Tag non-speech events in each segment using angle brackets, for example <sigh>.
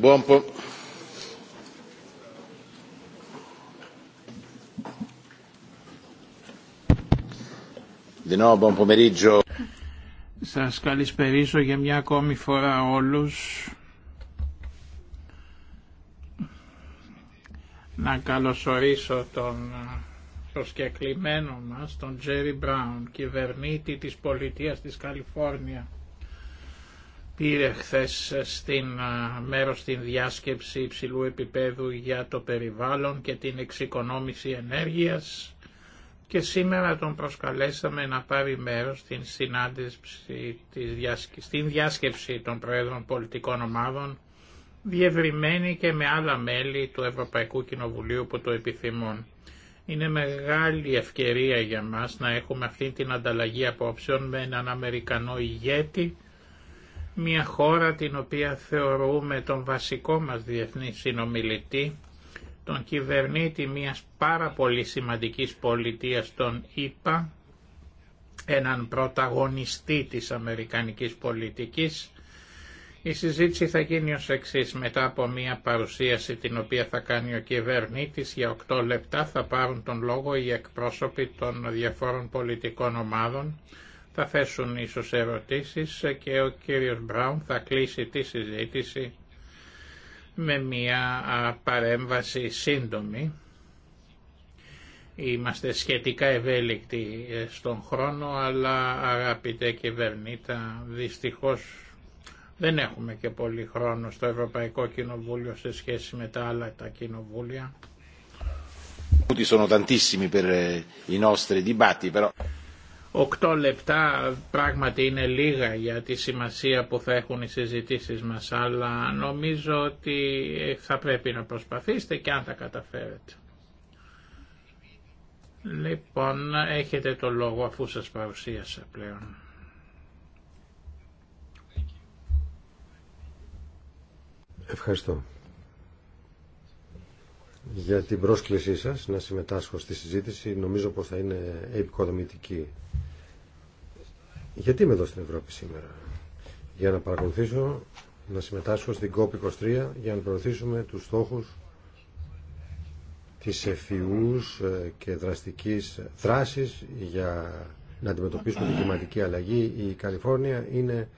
Buon Σας καλησπερίζω για μια ακόμη φορά όλους. να καλωσορίσω τον προσκεκλημένο μας, τον Τζέρι Μπράουν, κυβερνήτη της πολιτείας της Καλιφόρνια. Πήρε χθε στην μέρος στην διάσκεψη υψηλού επίπεδου για το περιβάλλον και την εξοικονόμηση ενέργειας και σήμερα τον προσκαλέσαμε να πάρει μέρος στην συνάντηση, στην διάσκεψη των Προέδρων Πολιτικών Ομάδων διευρυμένη και με άλλα μέλη του Ευρωπαϊκού Κοινοβουλίου που το επιθυμούν. Είναι μεγάλη ευκαιρία για μας να έχουμε αυτή την ανταλλαγή απόψεων με έναν Αμερικανό ηγέτη, μια χώρα την οποία θεωρούμε τον βασικό μας διεθνή συνομιλητή, τον κυβερνήτη μιας πάρα πολύ σημαντικής πολιτείας των ΗΠΑ, έναν πρωταγωνιστή της Αμερικανικής πολιτικής, η συζήτηση θα γίνει ως εξή μετά από μια παρουσίαση την οποία θα κάνει ο κυβερνήτης για 8 λεπτά θα πάρουν τον λόγο οι εκπρόσωποι των διαφόρων πολιτικών ομάδων θα θέσουν ίσως ερωτήσεις και ο κύριος Μπράουν θα κλείσει τη συζήτηση με μια παρέμβαση σύντομη. Είμαστε σχετικά ευέλικτοι ε, στον χρόνο, αλλά αγαπητέ κυβερνήτα, δυστυχώς δεν έχουμε και πολύ χρόνο στο Ευρωπαϊκό Κοινοβούλιο σε σχέση με τα άλλα τα κοινοβούλια. Eh, Οκτώ λεπτά πράγματι είναι λίγα για τη σημασία που θα έχουν οι συζητήσεις μας, αλλά νομίζω ότι ε, θα πρέπει να προσπαθήσετε και αν τα καταφέρετε. Λοιπόν, έχετε το λόγο αφού σας παρουσίασα πλέον. Ευχαριστώ για την πρόσκλησή σας να συμμετάσχω στη συζήτηση. Νομίζω πως θα είναι επικοδομητική. Γιατί είμαι εδώ στην Ευρώπη σήμερα. Για να παρακολουθήσω, να συμμετάσχω στην COP23 για να προωθήσουμε τους στόχους της εφιούς ε, και δραστικής δράσης για να αντιμετωπίσουμε την κλιματική αλλαγή. Η Καλιφόρνια είναι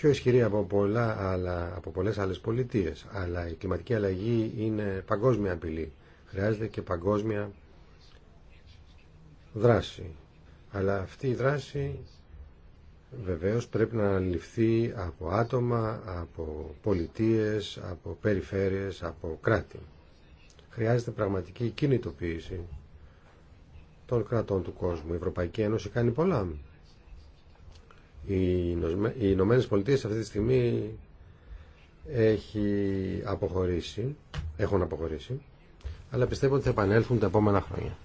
πιο ισχυρή από, πολλά, αλλά, από πολλές άλλες πολιτείες. Αλλά η κλιματική αλλαγή είναι παγκόσμια απειλή. Χρειάζεται και παγκόσμια δράση. Αλλά αυτή η δράση βεβαίως πρέπει να αναλυφθεί από άτομα, από πολιτείες, από περιφέρειες, από κράτη. Χρειάζεται πραγματική κινητοποίηση των κρατών του κόσμου. Η Ευρωπαϊκή Ένωση κάνει πολλά οι Ηνωμένε Πολιτείε αυτή τη στιγμή έχει αποχωρήσει, έχουν αποχωρήσει, αλλά πιστεύω ότι θα επανέλθουν τα επόμενα χρόνια.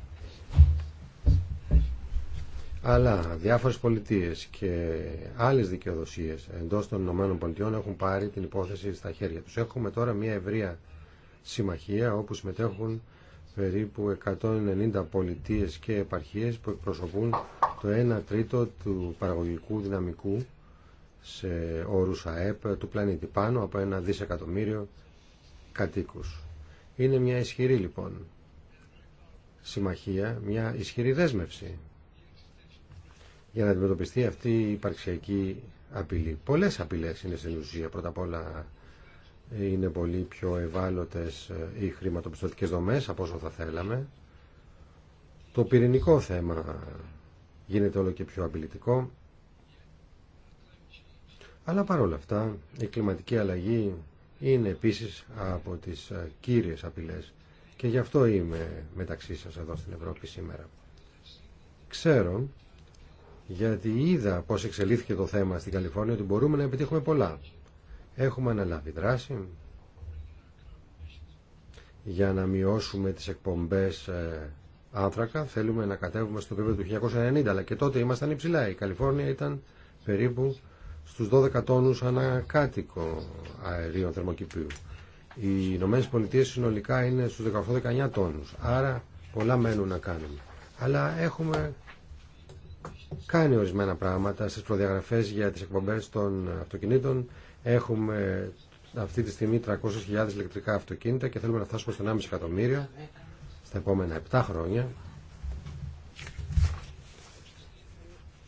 Αλλά διάφορες πολιτείες και άλλες δικαιοδοσίες εντός των Ηνωμένων Πολιτειών έχουν πάρει την υπόθεση στα χέρια τους. Έχουμε τώρα μια ευρεία συμμαχία όπου συμμετέχουν περίπου 190 πολιτείες και επαρχίες που εκπροσωπούν το 1 τρίτο του παραγωγικού δυναμικού σε όρους ΑΕΠ του πλανήτη πάνω από ένα δισεκατομμύριο κατοίκους. Είναι μια ισχυρή λοιπόν συμμαχία, μια ισχυρή δέσμευση για να αντιμετωπιστεί αυτή η υπαρξιακή απειλή. Πολλές απειλές είναι στην ουσία. Πρώτα απ' όλα είναι πολύ πιο ευάλωτες ε, οι χρηματοπιστωτικές δομές από όσο θα θέλαμε. Το πυρηνικό θέμα γίνεται όλο και πιο απειλητικό. Αλλά παρόλα αυτά η κλιματική αλλαγή είναι επίσης από τις ε, κύριες απειλές και γι' αυτό είμαι μεταξύ σας εδώ στην Ευρώπη σήμερα. Ξέρω, γιατί είδα πώς εξελίχθηκε το θέμα στην Καλιφόρνια, ότι μπορούμε να επιτύχουμε πολλά. Έχουμε αναλάβει δράση για να μειώσουμε τις εκπομπές ε, άνθρακα θέλουμε να κατέβουμε στο επίπεδο του 1990, αλλά και τότε ήμασταν υψηλά. Η Καλιφόρνια ήταν περίπου στους 12 τόνους ανακάτοικο αερίων θερμοκηπίου. Οι Ηνωμένε Πολιτείε συνολικά είναι στους 18-19 τόνους, άρα πολλά μένουν να κάνουμε. Αλλά έχουμε κάνει ορισμένα πράγματα στις προδιαγραφές για τις εκπομπές των αυτοκινήτων. Έχουμε αυτή τη στιγμή 300.000 ηλεκτρικά αυτοκίνητα και θέλουμε να φτάσουμε στο 1,5 εκατομμύριο στα επόμενα 7 χρόνια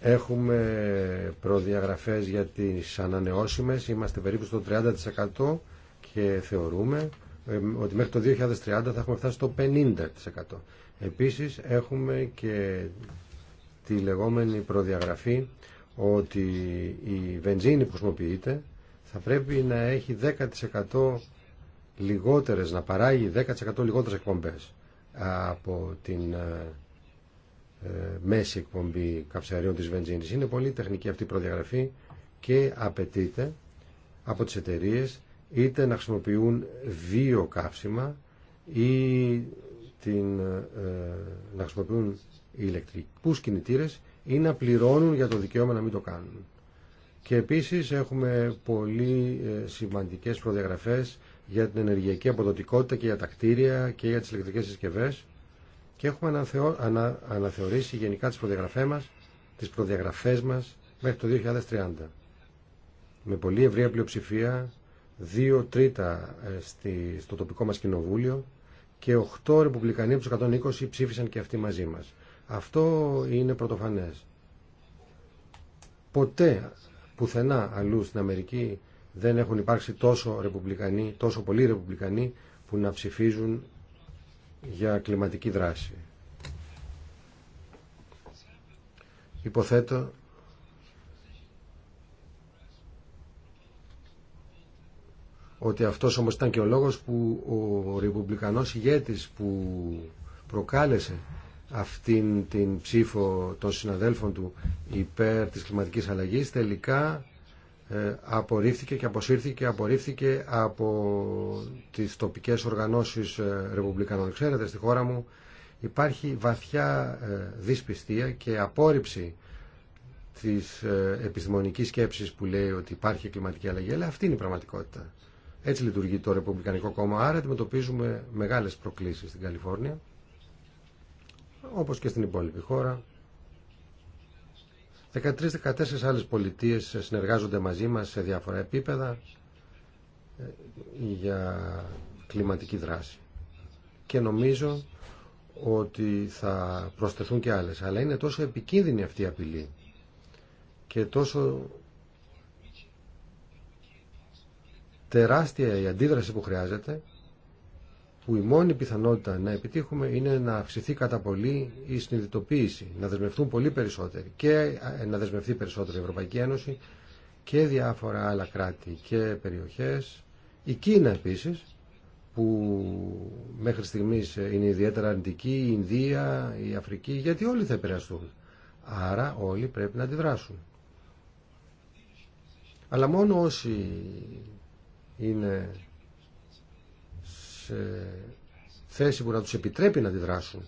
έχουμε προδιαγραφές για τις ανανεώσιμες είμαστε περίπου στο 30% και θεωρούμε ότι μέχρι το 2030 θα έχουμε φτάσει στο 50%. Επίσης έχουμε και τη λεγόμενη προδιαγραφή ότι η βενζίνη που χρησιμοποιείται θα πρέπει να έχει 10% λιγότερες, να παράγει 10% λιγότερες εκπομπές από την ε, ε, μέση εκπομπή καυσαρίων της βενζίνης. Είναι πολύ τεχνική αυτή η προδιαγραφή και απαιτείται από τις εταιρείε είτε να χρησιμοποιούν δύο καύσιμα ή την, ε, να χρησιμοποιούν ηλεκτρικούς κινητήρες ή να πληρώνουν για το δικαίωμα να μην το κάνουν. Και επίσης έχουμε πολύ σημαντικές προδιαγραφές για την ενεργειακή αποδοτικότητα και για τα κτίρια και για τις ηλεκτρικές συσκευές και έχουμε αναθεω... αναθεωρήσει γενικά τις προδιαγραφές μας, τις προδιαγραφές μας μέχρι το 2030. Με πολύ ευρία πλειοψηφία, δύο τρίτα ε, στη... στο τοπικό μας κοινοβούλιο και 8 ρεπουμπλικανοί από τους 120 ψήφισαν και αυτοί μαζί μας. Αυτό είναι πρωτοφανές. Ποτέ πουθενά αλλού στην Αμερική δεν έχουν υπάρξει τόσο, ρεπουμπλικανοί, τόσο πολλοί ρεπουμπλικανοί που να ψηφίζουν για κλιματική δράση. Υποθέτω ότι αυτός όμως ήταν και ο λόγος που ο ρεπουμπλικανός ηγέτης που προκάλεσε αυτήν την ψήφο των συναδέλφων του υπέρ της κλιματικής αλλαγής τελικά ε, απορρίφθηκε και αποσύρθηκε απορρίφθηκε από τις τοπικές οργανώσεις ε, ρεπουμπλικανών. Ξέρετε, στη χώρα μου υπάρχει βαθιά ε, δυσπιστία και απόρριψη της επιστημονικής σκέψης που λέει ότι υπάρχει κλιματική αλλαγή, αλλά αυτή είναι η πραγματικότητα. Έτσι λειτουργεί το Ρεπουμπλικανικό Κόμμα, άρα αντιμετωπίζουμε μεγάλες προκλήσεις στην Καλιφόρνια, όπως και στην υπόλοιπη χώρα. 13-14 άλλες πολιτείες συνεργάζονται μαζί μας σε διάφορα επίπεδα ε, για κλιματική δράση. Και νομίζω ότι θα προσθεθούν και άλλες. Αλλά είναι τόσο επικίνδυνη αυτή η απειλή και τόσο τεράστια η αντίδραση που χρειάζεται που η μόνη πιθανότητα να επιτύχουμε είναι να αυξηθεί κατά πολύ η συνειδητοποίηση, να δεσμευτούν πολύ περισσότεροι και ε, να δεσμευτεί περισσότερο η Ευρωπαϊκή Ένωση και διάφορα άλλα κράτη και περιοχές. Η Κίνα επίσης, που μέχρι στιγμής ε, είναι ιδιαίτερα αρνητική, η Ινδία, η Αφρική, γιατί όλοι θα επηρεαστούν. Άρα όλοι πρέπει να αντιδράσουν. Αλλά μόνο όσοι είναι ε, θέση που να τους επιτρέπει να αντιδράσουν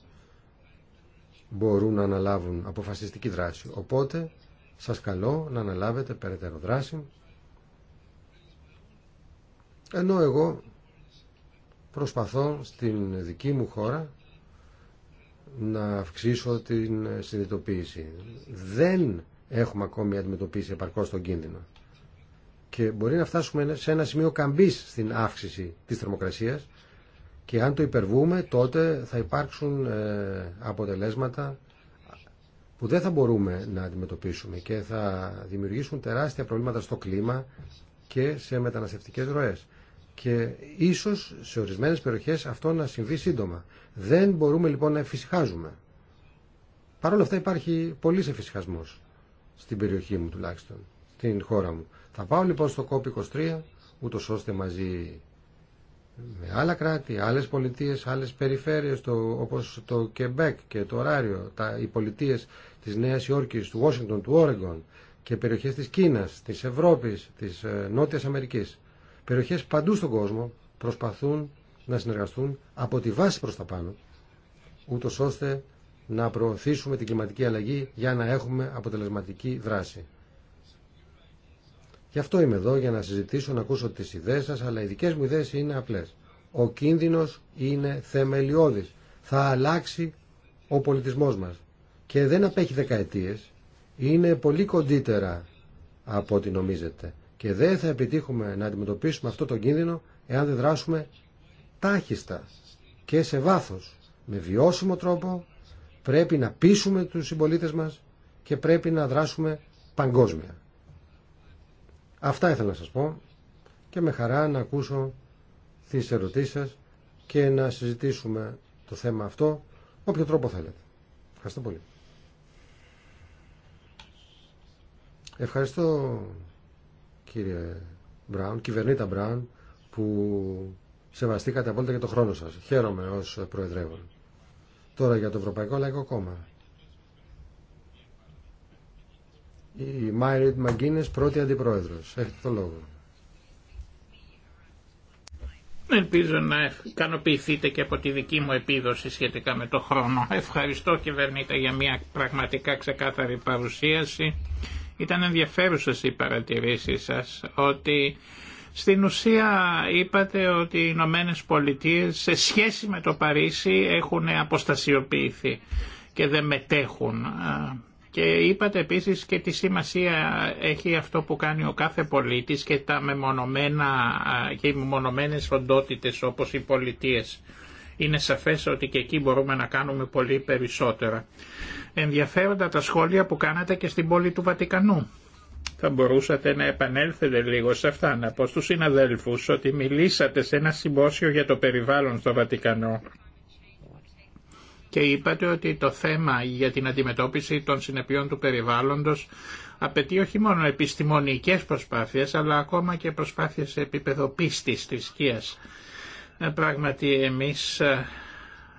μπορούν να αναλάβουν αποφασιστική δράση. Οπότε σας καλώ να αναλάβετε περαιτέρω δράση ενώ εγώ προσπαθώ στην δική μου χώρα να αυξήσω την συνειδητοποίηση. Δεν έχουμε ακόμη αντιμετωπίσει επαρκώς τον κίνδυνο. Και μπορεί να φτάσουμε σε ένα σημείο καμπής στην αύξηση της θερμοκρασίας και αν το υπερβούμε τότε θα υπάρξουν ε, αποτελέσματα που δεν θα μπορούμε να αντιμετωπίσουμε και θα δημιουργήσουν τεράστια προβλήματα στο κλίμα και σε μεταναστευτικές ροές. Και ίσως σε ορισμένες περιοχές αυτό να συμβεί σύντομα. Δεν μπορούμε λοιπόν να εφησυχάζουμε. Παρ' όλα αυτά υπάρχει πολύ εφησυχασμό στην περιοχή μου τουλάχιστον, στην χώρα μου. Θα πάω λοιπόν στο COP23, ούτως ώστε μαζί με άλλα κράτη, άλλες πολιτείες, άλλες περιφέρειες το, όπως το Κεμπέκ και το Ράριο, τα, οι πολιτείες της Νέας Υόρκης, του Ουάσιγκτον, του Όρεγκον και περιοχές της Κίνας, της Ευρώπης, της ε, Νότιας Αμερικής. Περιοχές παντού στον κόσμο προσπαθούν να συνεργαστούν από τη βάση προς τα πάνω, ούτω ώστε να προωθήσουμε την κλιματική αλλαγή για να έχουμε αποτελεσματική δράση. Γι' αυτό είμαι εδώ για να συζητήσω, να ακούσω τις ιδέες σας, αλλά οι δικές μου ιδέες είναι απλές. Ο κίνδυνος είναι θεμελιώδης. Θα αλλάξει ο πολιτισμός μας. Και δεν απέχει δεκαετίες. Είναι πολύ κοντύτερα από ό,τι νομίζετε. Και δεν θα επιτύχουμε να αντιμετωπίσουμε αυτό το κίνδυνο εάν δεν δράσουμε τάχιστα και σε βάθος. Με βιώσιμο τρόπο πρέπει να πείσουμε τους συμπολίτες μας και πρέπει να δράσουμε παγκόσμια. Αυτά ήθελα να σας πω και με χαρά να ακούσω τις ερωτήσεις σας και να συζητήσουμε το θέμα αυτό όποιο τρόπο θέλετε. Ευχαριστώ πολύ. Ευχαριστώ κύριε Μπράουν, κυβερνήτα Μπράουν που σεβαστήκατε απόλυτα και το χρόνο σας. Χαίρομαι ως Προεδρεύων. Τώρα για το Ευρωπαϊκό Λαϊκό Κόμμα. Η Μάιριτ Μαγκίνες, πρώτη αντιπρόεδρος. Έχετε το λόγο. Ελπίζω να ικανοποιηθείτε και από τη δική μου επίδοση σχετικά με το χρόνο. Ευχαριστώ κυβερνήτα για μια πραγματικά ξεκάθαρη παρουσίαση. Ήταν ενδιαφέρουσε οι παρατηρήσει σας ότι στην ουσία είπατε ότι οι Ηνωμένε Πολιτείε σε σχέση με το Παρίσι έχουν αποστασιοποιηθεί και δεν μετέχουν. Και είπατε επίσης και τη σημασία έχει αυτό που κάνει ο κάθε πολίτης και τα μεμονωμένα και οι μεμονωμένες οντότητες όπως οι πολιτείες. Είναι σαφές ότι και εκεί μπορούμε να κάνουμε πολύ περισσότερα. Ενδιαφέροντα τα σχόλια που κάνατε και στην πόλη του Βατικανού. Θα μπορούσατε να επανέλθετε λίγο σε αυτά, να πω στους συναδέλφους ότι μιλήσατε σε ένα συμπόσιο για το περιβάλλον στο Βατικανό και είπατε ότι το θέμα για την αντιμετώπιση των συνεπειών του περιβάλλοντος απαιτεί όχι μόνο επιστημονικές προσπάθειες αλλά ακόμα και προσπάθειες σε επίπεδο πίστης, θρησκείας. Ε, πράγματι εμείς ε,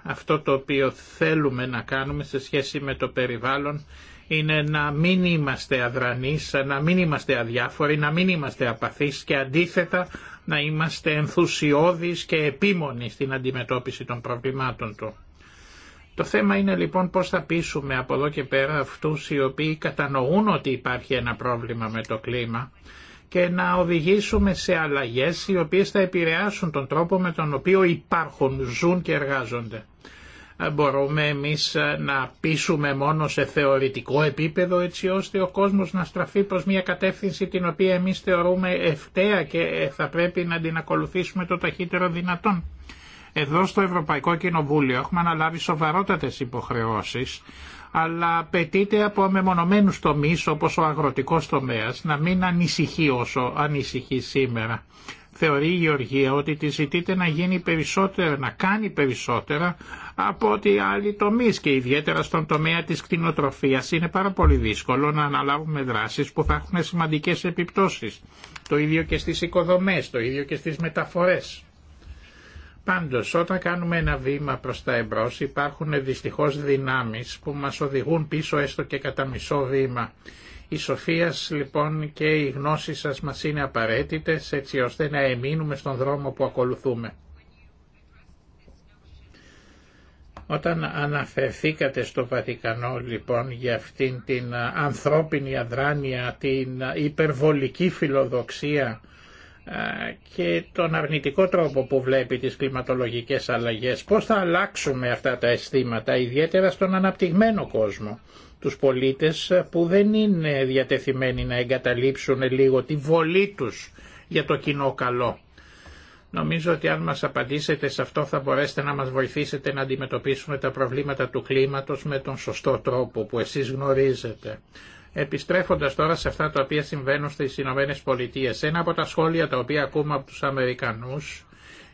αυτό το οποίο θέλουμε να κάνουμε σε σχέση με το περιβάλλον είναι να μην είμαστε αδρανείς, να μην είμαστε αδιάφοροι, να μην είμαστε απαθείς και αντίθετα να είμαστε ενθουσιώδεις και επίμονοι στην αντιμετώπιση των προβλημάτων του. Το θέμα είναι λοιπόν πώς θα πείσουμε από εδώ και πέρα αυτούς οι οποίοι κατανοούν ότι υπάρχει ένα πρόβλημα με το κλίμα και να οδηγήσουμε σε αλλαγές οι οποίες θα επηρεάσουν τον τρόπο με τον οποίο υπάρχουν, ζουν και εργάζονται. Ε, μπορούμε εμείς ε, να πείσουμε μόνο σε θεωρητικό επίπεδο έτσι ώστε ο κόσμος να στραφεί προς μια κατεύθυνση την οποία εμείς θεωρούμε ευταία και ε, θα πρέπει να την ακολουθήσουμε το ταχύτερο δυνατόν. Εδώ στο Ευρωπαϊκό Κοινοβούλιο έχουμε αναλάβει σοβαρότατες υποχρεώσεις, αλλά απαιτείται από μεμονωμένους τομείς όπως ο αγροτικός τομέας να μην ανησυχεί όσο ανησυχεί σήμερα. Θεωρεί η Γεωργία ότι τη ζητείται να γίνει περισσότερα, να κάνει περισσότερα από ό,τι άλλοι τομεί και ιδιαίτερα στον τομέα τη κτηνοτροφίας είναι πάρα πολύ δύσκολο να αναλάβουμε δράσει που θα έχουν σημαντικέ επιπτώσει. Το ίδιο και στι οικοδομέ, το ίδιο και στι μεταφορέ. Πάντως όταν κάνουμε ένα βήμα προς τα εμπρός υπάρχουν δυστυχώς δυνάμεις που μας οδηγούν πίσω έστω και κατά μισό βήμα. Η σοφία λοιπόν και η γνώση σας μας είναι απαραίτητες έτσι ώστε να εμείνουμε στον δρόμο που ακολουθούμε. Όταν αναφερθήκατε στο Βατικανό λοιπόν για αυτήν την ανθρώπινη αδράνεια, την υπερβολική φιλοδοξία ε, και τον αρνητικό τρόπο που βλέπει τις κλιματολογικές αλλαγές. Πώς θα αλλάξουμε αυτά τα αισθήματα, ιδιαίτερα στον αναπτυγμένο κόσμο. Τους πολίτες που δεν είναι διατεθειμένοι να εγκαταλείψουν λίγο τη βολή τους για το κοινό καλό. Νομίζω ότι αν μας απαντήσετε σε αυτό θα μπορέσετε να μας βοηθήσετε να αντιμετωπίσουμε τα προβλήματα του κλίματος με τον σωστό τρόπο που εσείς γνωρίζετε. Επιστρέφοντας τώρα σε αυτά τα οποία συμβαίνουν στις Ηνωμένε Πολιτείε, ένα από τα σχόλια τα οποία ακούμε από τους Αμερικανούς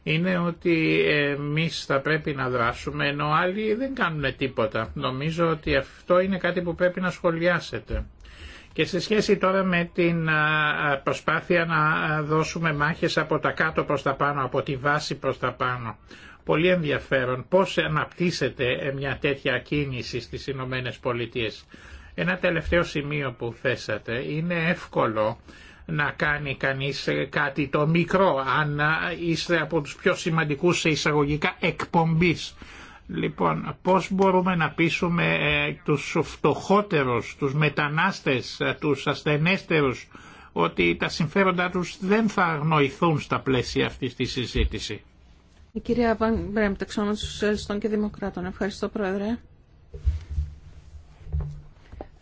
είναι ότι εμεί θα πρέπει να δράσουμε ενώ άλλοι δεν κάνουν τίποτα. Νομίζω ότι αυτό είναι κάτι που πρέπει να σχολιάσετε. Και σε σχέση τώρα με την προσπάθεια να δώσουμε μάχες από τα κάτω προς τα πάνω, από τη βάση προς τα πάνω. Πολύ ενδιαφέρον πώς αναπτύσσεται μια τέτοια κίνηση στις Ηνωμένε Πολιτείες. Ένα τελευταίο σημείο που θέσατε είναι εύκολο να κάνει κανείς κάτι το μικρό αν είστε από τους πιο σημαντικούς σε εισαγωγικά εκπομπής. Λοιπόν, πώς μπορούμε να πείσουμε ε, τους φτωχότερους, τους μετανάστες, ε, τους ασθενέστερους ότι τα συμφέροντά τους δεν θα αγνοηθούν στα πλαίσια αυτή της συζήτηση. Η κυρία Βαν Μπρέμπτεξ, των Σοσιαλιστών και Δημοκράτων. Ευχαριστώ, Πρόεδρε.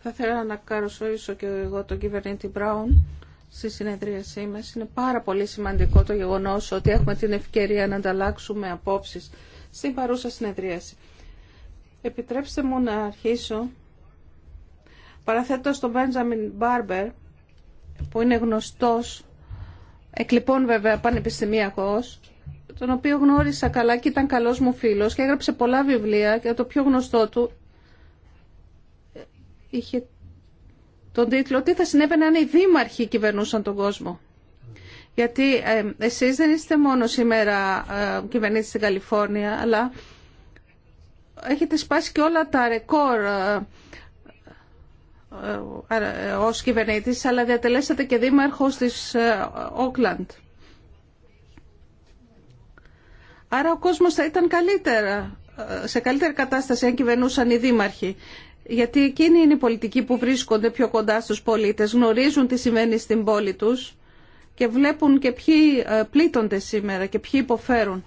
Θα ήθελα να καλωσορίσω και εγώ τον κυβερνήτη Μπράουν στη συνεδρίασή μα. Είναι πάρα πολύ σημαντικό το γεγονός ότι έχουμε την ευκαιρία να ανταλλάξουμε απόψεις στην παρούσα συνεδρίαση. Επιτρέψτε μου να αρχίσω παραθέτω τον Μπέντζαμιν Μπάρμπερ που είναι γνωστός λοιπόν βέβαια πανεπιστημιακός τον οποίο γνώρισα καλά και ήταν καλός μου φίλος και έγραψε πολλά βιβλία και το πιο γνωστό του είχε τον τίτλο «Τι θα συνέβαινε αν οι δήμαρχοι κυβερνούσαν τον κόσμο». Γιατί ε, εσείς δεν είστε μόνο σήμερα ε, κυβερνήτη στην Καλιφόρνια, αλλά έχετε σπάσει και όλα τα ρεκόρ ε, ε, ε, ε ως κυβερνήτης, αλλά διατελέσατε και δήμαρχος της Όκλαντ. Άρα ο κόσμος θα ήταν καλύτερα, σε καλύτερη κατάσταση αν κυβερνούσαν οι δήμαρχοι γιατί εκείνοι είναι οι πολιτικοί που βρίσκονται πιο κοντά στους πολίτες, γνωρίζουν τι σημαίνει στην πόλη τους και βλέπουν και ποιοι ε, πλήττονται σήμερα και ποιοι υποφέρουν.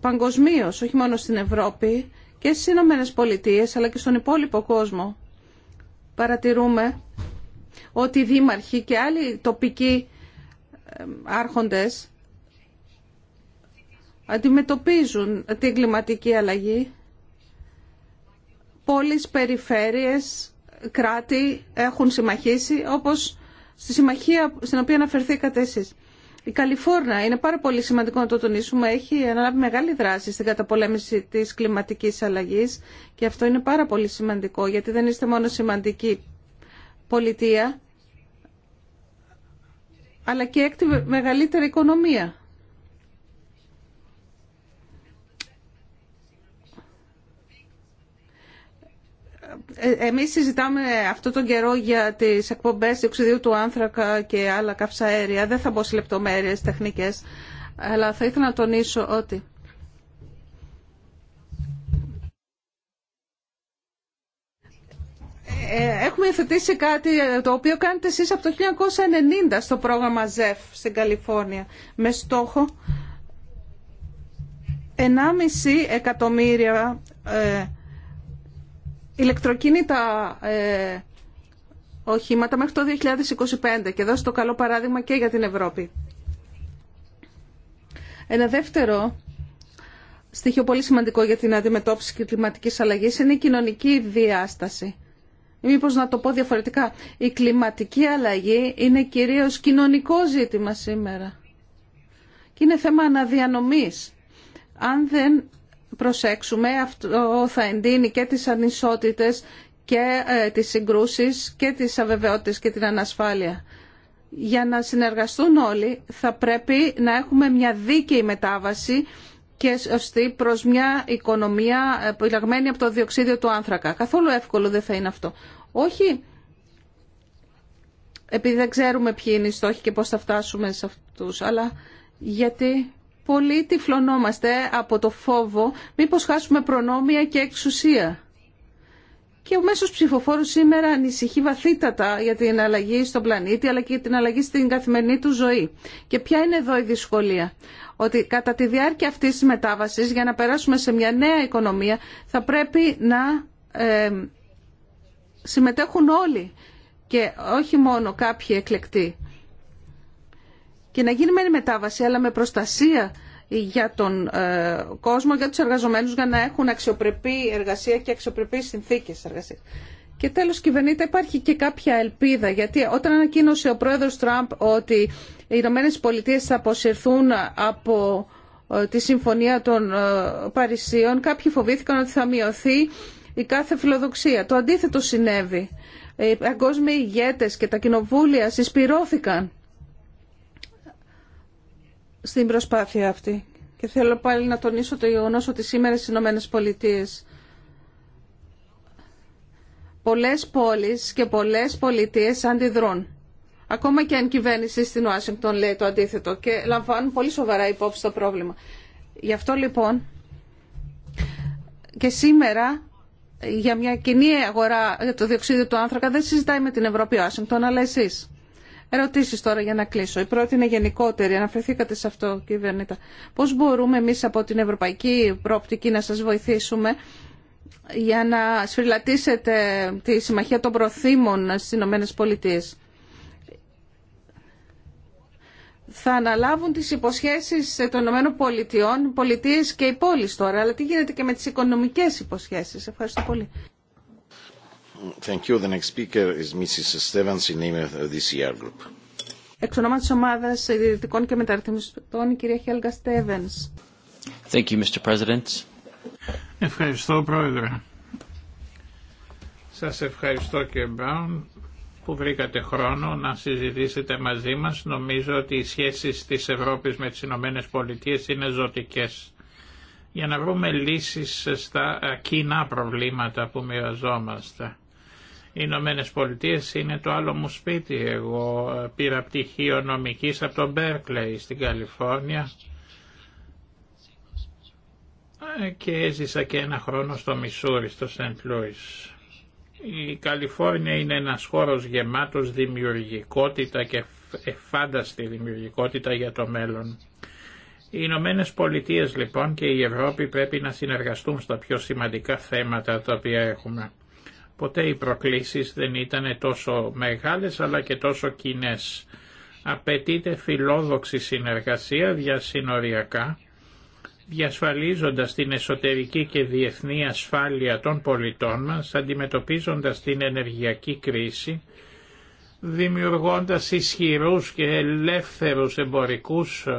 Παγκοσμίω, όχι μόνο στην Ευρώπη και στις Ηνωμένε Πολιτείε, αλλά και στον υπόλοιπο κόσμο. Παρατηρούμε ότι οι δήμαρχοι και άλλοι τοπικοί ε, άρχοντες αντιμετωπίζουν την κλιματική αλλαγή πόλεις, περιφέρειες, κράτη έχουν συμμαχήσει, όπως στη συμμαχία στην οποία αναφερθήκατε εσείς. Η Καλιφόρνα είναι πάρα πολύ σημαντικό να το τονίσουμε. Έχει αναλάβει μεγάλη δράση στην καταπολέμηση τη κλιματική αλλαγή και αυτό είναι πάρα πολύ σημαντικό γιατί δεν είστε μόνο σημαντική πολιτεία αλλά και έκτη μεγαλύτερη οικονομία. Ε, εμείς συζητάμε αυτό τον καιρό για τις εκπομπές διοξιδίου του άνθρακα και άλλα καυσαέρια. Δεν θα μπω σε λεπτομέρειες τεχνικές, αλλά θα ήθελα να τονίσω ότι... Ε, έχουμε υιοθετήσει κάτι ε, το οποίο κάνετε εσείς από το 1990 στο πρόγραμμα ZEF στην Καλιφόρνια με στόχο 1,5 εκατομμύρια ηλεκτροκίνητα ε, οχήματα μέχρι το 2025 και δώσει το καλό παράδειγμα και για την Ευρώπη. Ένα δεύτερο στοιχείο πολύ σημαντικό για την αντιμετώπιση κλιματικής αλλαγής είναι η κοινωνική διάσταση. Μήπω να το πω διαφορετικά, η κλιματική αλλαγή είναι κυρίως κοινωνικό ζήτημα σήμερα. Και είναι θέμα αναδιανομής. Αν δεν προσέξουμε. Αυτό θα εντείνει και τις ανισότητες και ε, τις συγκρούσεις και τις αβεβαιότητες και την ανασφάλεια. Για να συνεργαστούν όλοι θα πρέπει να έχουμε μια δίκαιη μετάβαση και σωστή προς μια οικονομία επιλαγμένη από το διοξίδιο του άνθρακα. Καθόλου εύκολο δεν θα είναι αυτό. Όχι επειδή δεν ξέρουμε ποιοι είναι οι στόχοι και πώς θα φτάσουμε σε αυτούς, αλλά γιατί πολύ τυφλωνόμαστε από το φόβο μήπως χάσουμε προνόμια και εξουσία. Και ο μέσος ψηφοφόρος σήμερα ανησυχεί βαθύτατα για την αλλαγή στον πλανήτη αλλά και για την αλλαγή στην καθημερινή του ζωή. Και ποια είναι εδώ η δυσκολία. Ότι κατά τη διάρκεια αυτής της μετάβασης για να περάσουμε σε μια νέα οικονομία θα πρέπει να ε, συμμετέχουν όλοι και όχι μόνο κάποιοι εκλεκτοί και να γίνει μεν μετάβαση αλλά με προστασία για τον ε, κόσμο, για τους εργαζομένους για να έχουν αξιοπρεπή εργασία και αξιοπρεπή συνθήκες εργασίας. Και τέλος κυβερνήτα υπάρχει και κάποια ελπίδα γιατί όταν ανακοίνωσε ο πρόεδρος Τραμπ ότι οι Ηνωμένε Πολιτείε θα αποσυρθούν από ε, τη Συμφωνία των ε, Παρισίων κάποιοι φοβήθηκαν ότι θα μειωθεί η κάθε φιλοδοξία. Το αντίθετο συνέβη. Οι παγκόσμιοι ηγέτες και τα κοινοβούλια συσπηρώθηκαν στην προσπάθεια αυτή. Και θέλω πάλι να τονίσω το γεγονός ότι σήμερα στις Ηνωμένες Πολιτείες πολλές πόλεις και πολλές πολιτείες αντιδρούν. Ακόμα και αν κυβέρνηση στην Ουάσιγκτον λέει το αντίθετο και λαμβάνουν πολύ σοβαρά υπόψη το πρόβλημα. Γι' αυτό λοιπόν και σήμερα για μια κοινή αγορά για το διοξείδιο του άνθρακα δεν συζητάει με την Ευρώπη Ουάσιγκτον αλλά εσείς. Ερωτήσει τώρα για να κλείσω. Η πρώτη είναι γενικότερη. Αναφερθήκατε σε αυτό, κυβερνήτα. Πώ μπορούμε εμεί από την ευρωπαϊκή πρόπτικη να σα βοηθήσουμε για να σφυριλατήσετε τη Συμμαχία των προθύμων στι Ηνωμένες Πολιτείες. Θα αναλάβουν τις υποσχέσεις των Ηνωμένων Πολιτειών, πολιτείες και οι πόλεις τώρα, αλλά τι γίνεται και με τις οικονομικές υποσχέσεις. Ευχαριστώ πολύ. Thank you. The next speaker is Mrs. Stevens, in name of the Group. Εξ ονόματος της και Μεταρρυθμιστών, η κυρία Χέλγα Στέβενς. Thank you, Mr. President. Ευχαριστώ, Πρόεδρε. Σας ευχαριστώ, κύριε Μπράουν, που βρήκατε χρόνο να συζητήσετε μαζί μας. Νομίζω ότι οι σχέσεις της Ευρώπης με τις Ηνωμένες Πολιτείες είναι ζωτικές για να βρούμε λύσεις στα κοινά προβλήματα που μοιραζόμαστε. Οι Ηνωμένε Πολιτείε είναι το άλλο μου σπίτι. Εγώ ε, πήρα πτυχίο νομικής από τον Μπέρκλεϊ στην Καλιφόρνια ε, και έζησα και ένα χρόνο στο Μισούρι, στο Σεντ Λούις. Η Καλιφόρνια είναι ένας χώρος γεμάτος δημιουργικότητα και φάνταστη δημιουργικότητα για το μέλλον. Οι Ηνωμένε Πολιτείε λοιπόν και η Ευρώπη πρέπει να συνεργαστούν στα πιο σημαντικά θέματα τα οποία έχουμε. Ποτέ οι προκλήσεις δεν ήταν τόσο μεγάλες αλλά και τόσο κοινέ. Απαιτείται φιλόδοξη συνεργασία διασυνοριακά, διασφαλίζοντας την εσωτερική και διεθνή ασφάλεια των πολιτών μας, αντιμετωπίζοντας την ενεργειακή κρίση δημιουργώντας ισχυρούς και ελεύθερους εμπορικούς ε,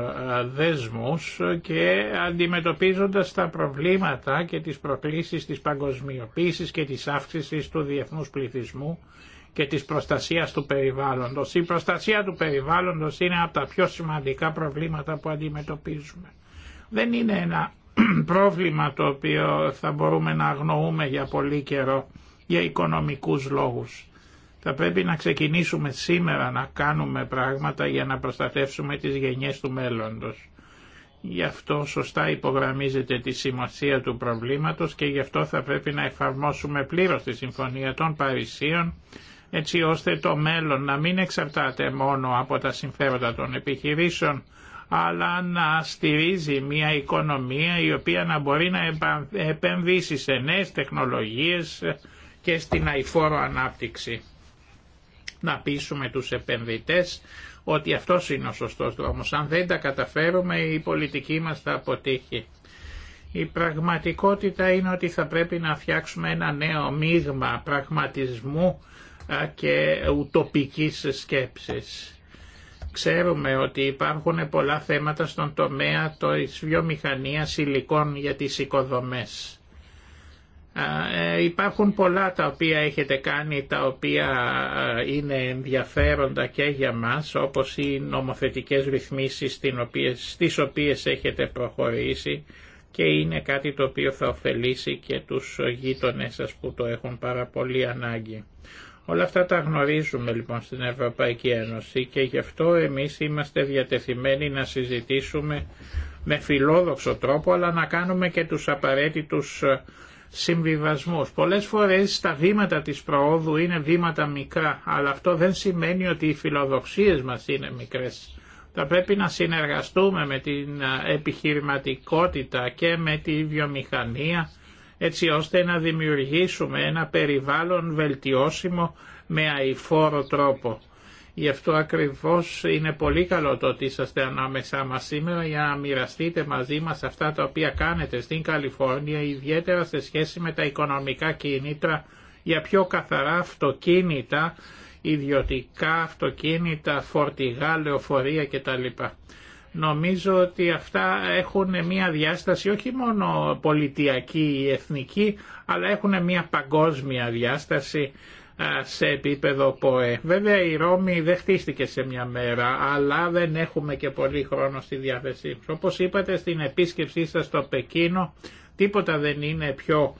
δέσμους και αντιμετωπίζοντας τα προβλήματα και τις προκλήσεις της παγκοσμιοποίησης και της αύξησης του διεθνούς πληθυσμού και της προστασίας του περιβάλλοντος. Η προστασία του περιβάλλοντος είναι από τα πιο σημαντικά προβλήματα που αντιμετωπίζουμε. Δεν είναι ένα <clears throat> πρόβλημα το οποίο θα μπορούμε να αγνοούμε για πολύ καιρό για οικονομικούς λόγους θα πρέπει να ξεκινήσουμε σήμερα να κάνουμε πράγματα για να προστατεύσουμε τις γενιές του μέλλοντος. Γι' αυτό σωστά υπογραμμίζεται τη σημασία του προβλήματος και γι' αυτό θα πρέπει να εφαρμόσουμε πλήρως τη Συμφωνία των Παρισίων έτσι ώστε το μέλλον να μην εξαρτάται μόνο από τα συμφέροντα των επιχειρήσεων αλλά να στηρίζει μια οικονομία η οποία να μπορεί να επενδύσει σε νέες τεχνολογίες και στην αηφόρο ανάπτυξη να πείσουμε τους επενδυτές ότι αυτό είναι ο σωστός δρόμος. Αν δεν τα καταφέρουμε η πολιτική μας θα αποτύχει. Η πραγματικότητα είναι ότι θα πρέπει να φτιάξουμε ένα νέο μείγμα πραγματισμού και ουτοπικής σκέψης. Ξέρουμε ότι υπάρχουν πολλά θέματα στον τομέα της βιομηχανίας υλικών για τις οικοδομές. Ε, υπάρχουν πολλά τα οποία έχετε κάνει, τα οποία είναι ενδιαφέροντα και για μας, όπως οι νομοθετικές ρυθμίσεις στις οποίες έχετε προχωρήσει και είναι κάτι το οποίο θα ωφελήσει και τους γείτονές σας που το έχουν πάρα πολύ ανάγκη. Όλα αυτά τα γνωρίζουμε λοιπόν στην Ευρωπαϊκή Ένωση και γι' αυτό εμείς είμαστε διατεθειμένοι να συζητήσουμε με φιλόδοξο τρόπο αλλά να κάνουμε και τους απαραίτητους συμβιβασμούς. Πολλές φορές τα βήματα της προόδου είναι βήματα μικρά, αλλά αυτό δεν σημαίνει ότι οι φιλοδοξίες μας είναι μικρές. Θα πρέπει να συνεργαστούμε με την ε, επιχειρηματικότητα και με τη βιομηχανία, έτσι ώστε να δημιουργήσουμε ένα περιβάλλον βελτιώσιμο με αηφόρο τρόπο. Γι' αυτό ακριβώς είναι πολύ καλό το ότι είσαστε ανάμεσά μας σήμερα για να μοιραστείτε μαζί μας αυτά τα οποία κάνετε στην Καλιφόρνια, ιδιαίτερα σε σχέση με τα οικονομικά κίνητρα για πιο καθαρά αυτοκίνητα, ιδιωτικά αυτοκίνητα, φορτηγά, λεωφορεία κτλ. Νομίζω ότι αυτά έχουν μια διάσταση όχι μόνο πολιτιακή ή εθνική, αλλά έχουν μια παγκόσμια διάσταση σε επίπεδο ΠΟΕ. Βέβαια η Ρώμη δεν χτίστηκε σε μια μέρα, αλλά δεν έχουμε και πολύ χρόνο στη διάθεσή μας. Όπως είπατε στην επίσκεψή σας στο Πεκίνο, τίποτα δεν είναι πιο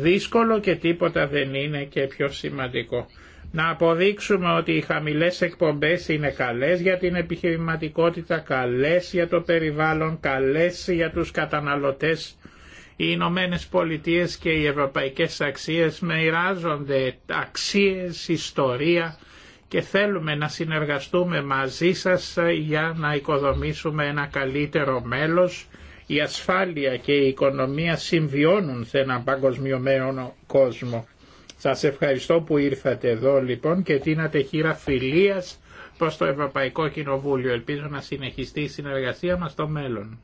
δύσκολο και τίποτα δεν είναι και πιο σημαντικό. Να αποδείξουμε ότι οι χαμηλές εκπομπές είναι καλές για την επιχειρηματικότητα, καλές για το περιβάλλον, καλές για τους καταναλωτές οι Ηνωμένε Πολιτείε και οι ευρωπαϊκές αξίες μοιράζονται αξίες, ιστορία και θέλουμε να συνεργαστούμε μαζί σας για να οικοδομήσουμε ένα καλύτερο μέλος. Η ασφάλεια και η οικονομία συμβιώνουν σε έναν παγκοσμιωμένο κόσμο. Σας ευχαριστώ που ήρθατε εδώ λοιπόν και τίνατε χείρα φιλίας προς το Ευρωπαϊκό Κοινοβούλιο. Ελπίζω να συνεχιστεί η συνεργασία μας στο μέλλον.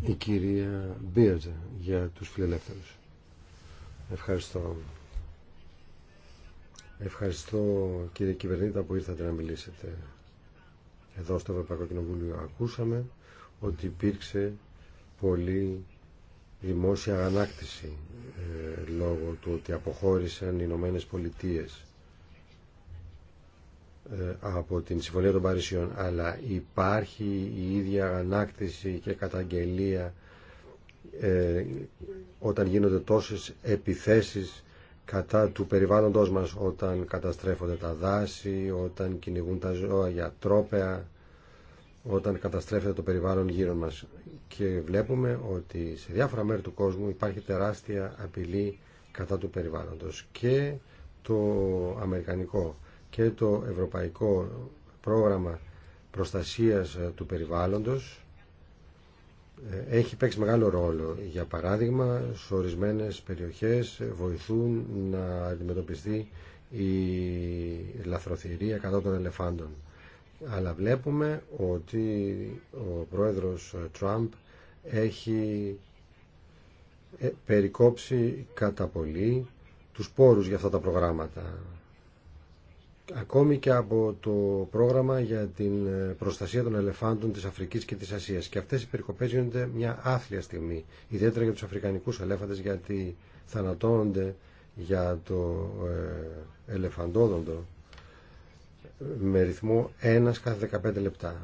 η κυρία Μπίατζα για τους φιλελεύθερους. Ευχαριστώ. Ευχαριστώ κύριε Κυβερνήτα που ήρθατε να μιλήσετε. Εδώ στο Ευρωπαϊκό Κοινοβούλιο ακούσαμε ότι υπήρξε πολύ δημόσια ανάκτηση ε, λόγω του ότι αποχώρησαν οι Ηνωμένε Πολιτείες ε, από την Συμφωνία των Παρισιών αλλά υπάρχει η ίδια ανάκτηση και καταγγελία ε, όταν γίνονται τόσες επιθέσεις κατά του περιβάλλοντος μας όταν καταστρέφονται τα δάση όταν κυνηγούν τα ζώα για τρόπεα όταν καταστρέφεται το περιβάλλον γύρω μας και βλέπουμε ότι σε διάφορα μέρη του κόσμου υπάρχει τεράστια απειλή κατά του περιβάλλοντος και το αμερικανικό και το Ευρωπαϊκό Πρόγραμμα Προστασίας ε, του Περιβάλλοντος ε, έχει παίξει μεγάλο ρόλο. Για παράδειγμα, σε ορισμένες περιοχές ε, βοηθούν να αντιμετωπιστεί η λαθροθυρία κατά των ελεφάντων. Αλλά βλέπουμε ότι ο πρόεδρος Τραμπ έχει περικόψει κατά πολύ τους πόρους για αυτά τα προγράμματα ακόμη και από το πρόγραμμα για την ε, προστασία των ελεφάντων της Αφρικής και της Ασίας. Και αυτές οι περικοπές γίνονται μια άθλια στιγμή, ιδιαίτερα για τους αφρικανικούς ελέφαντες γιατί θανατώνονται για το ε, ελεφαντόδοντο ε, με ρυθμό 1 κάθε 15 λεπτά.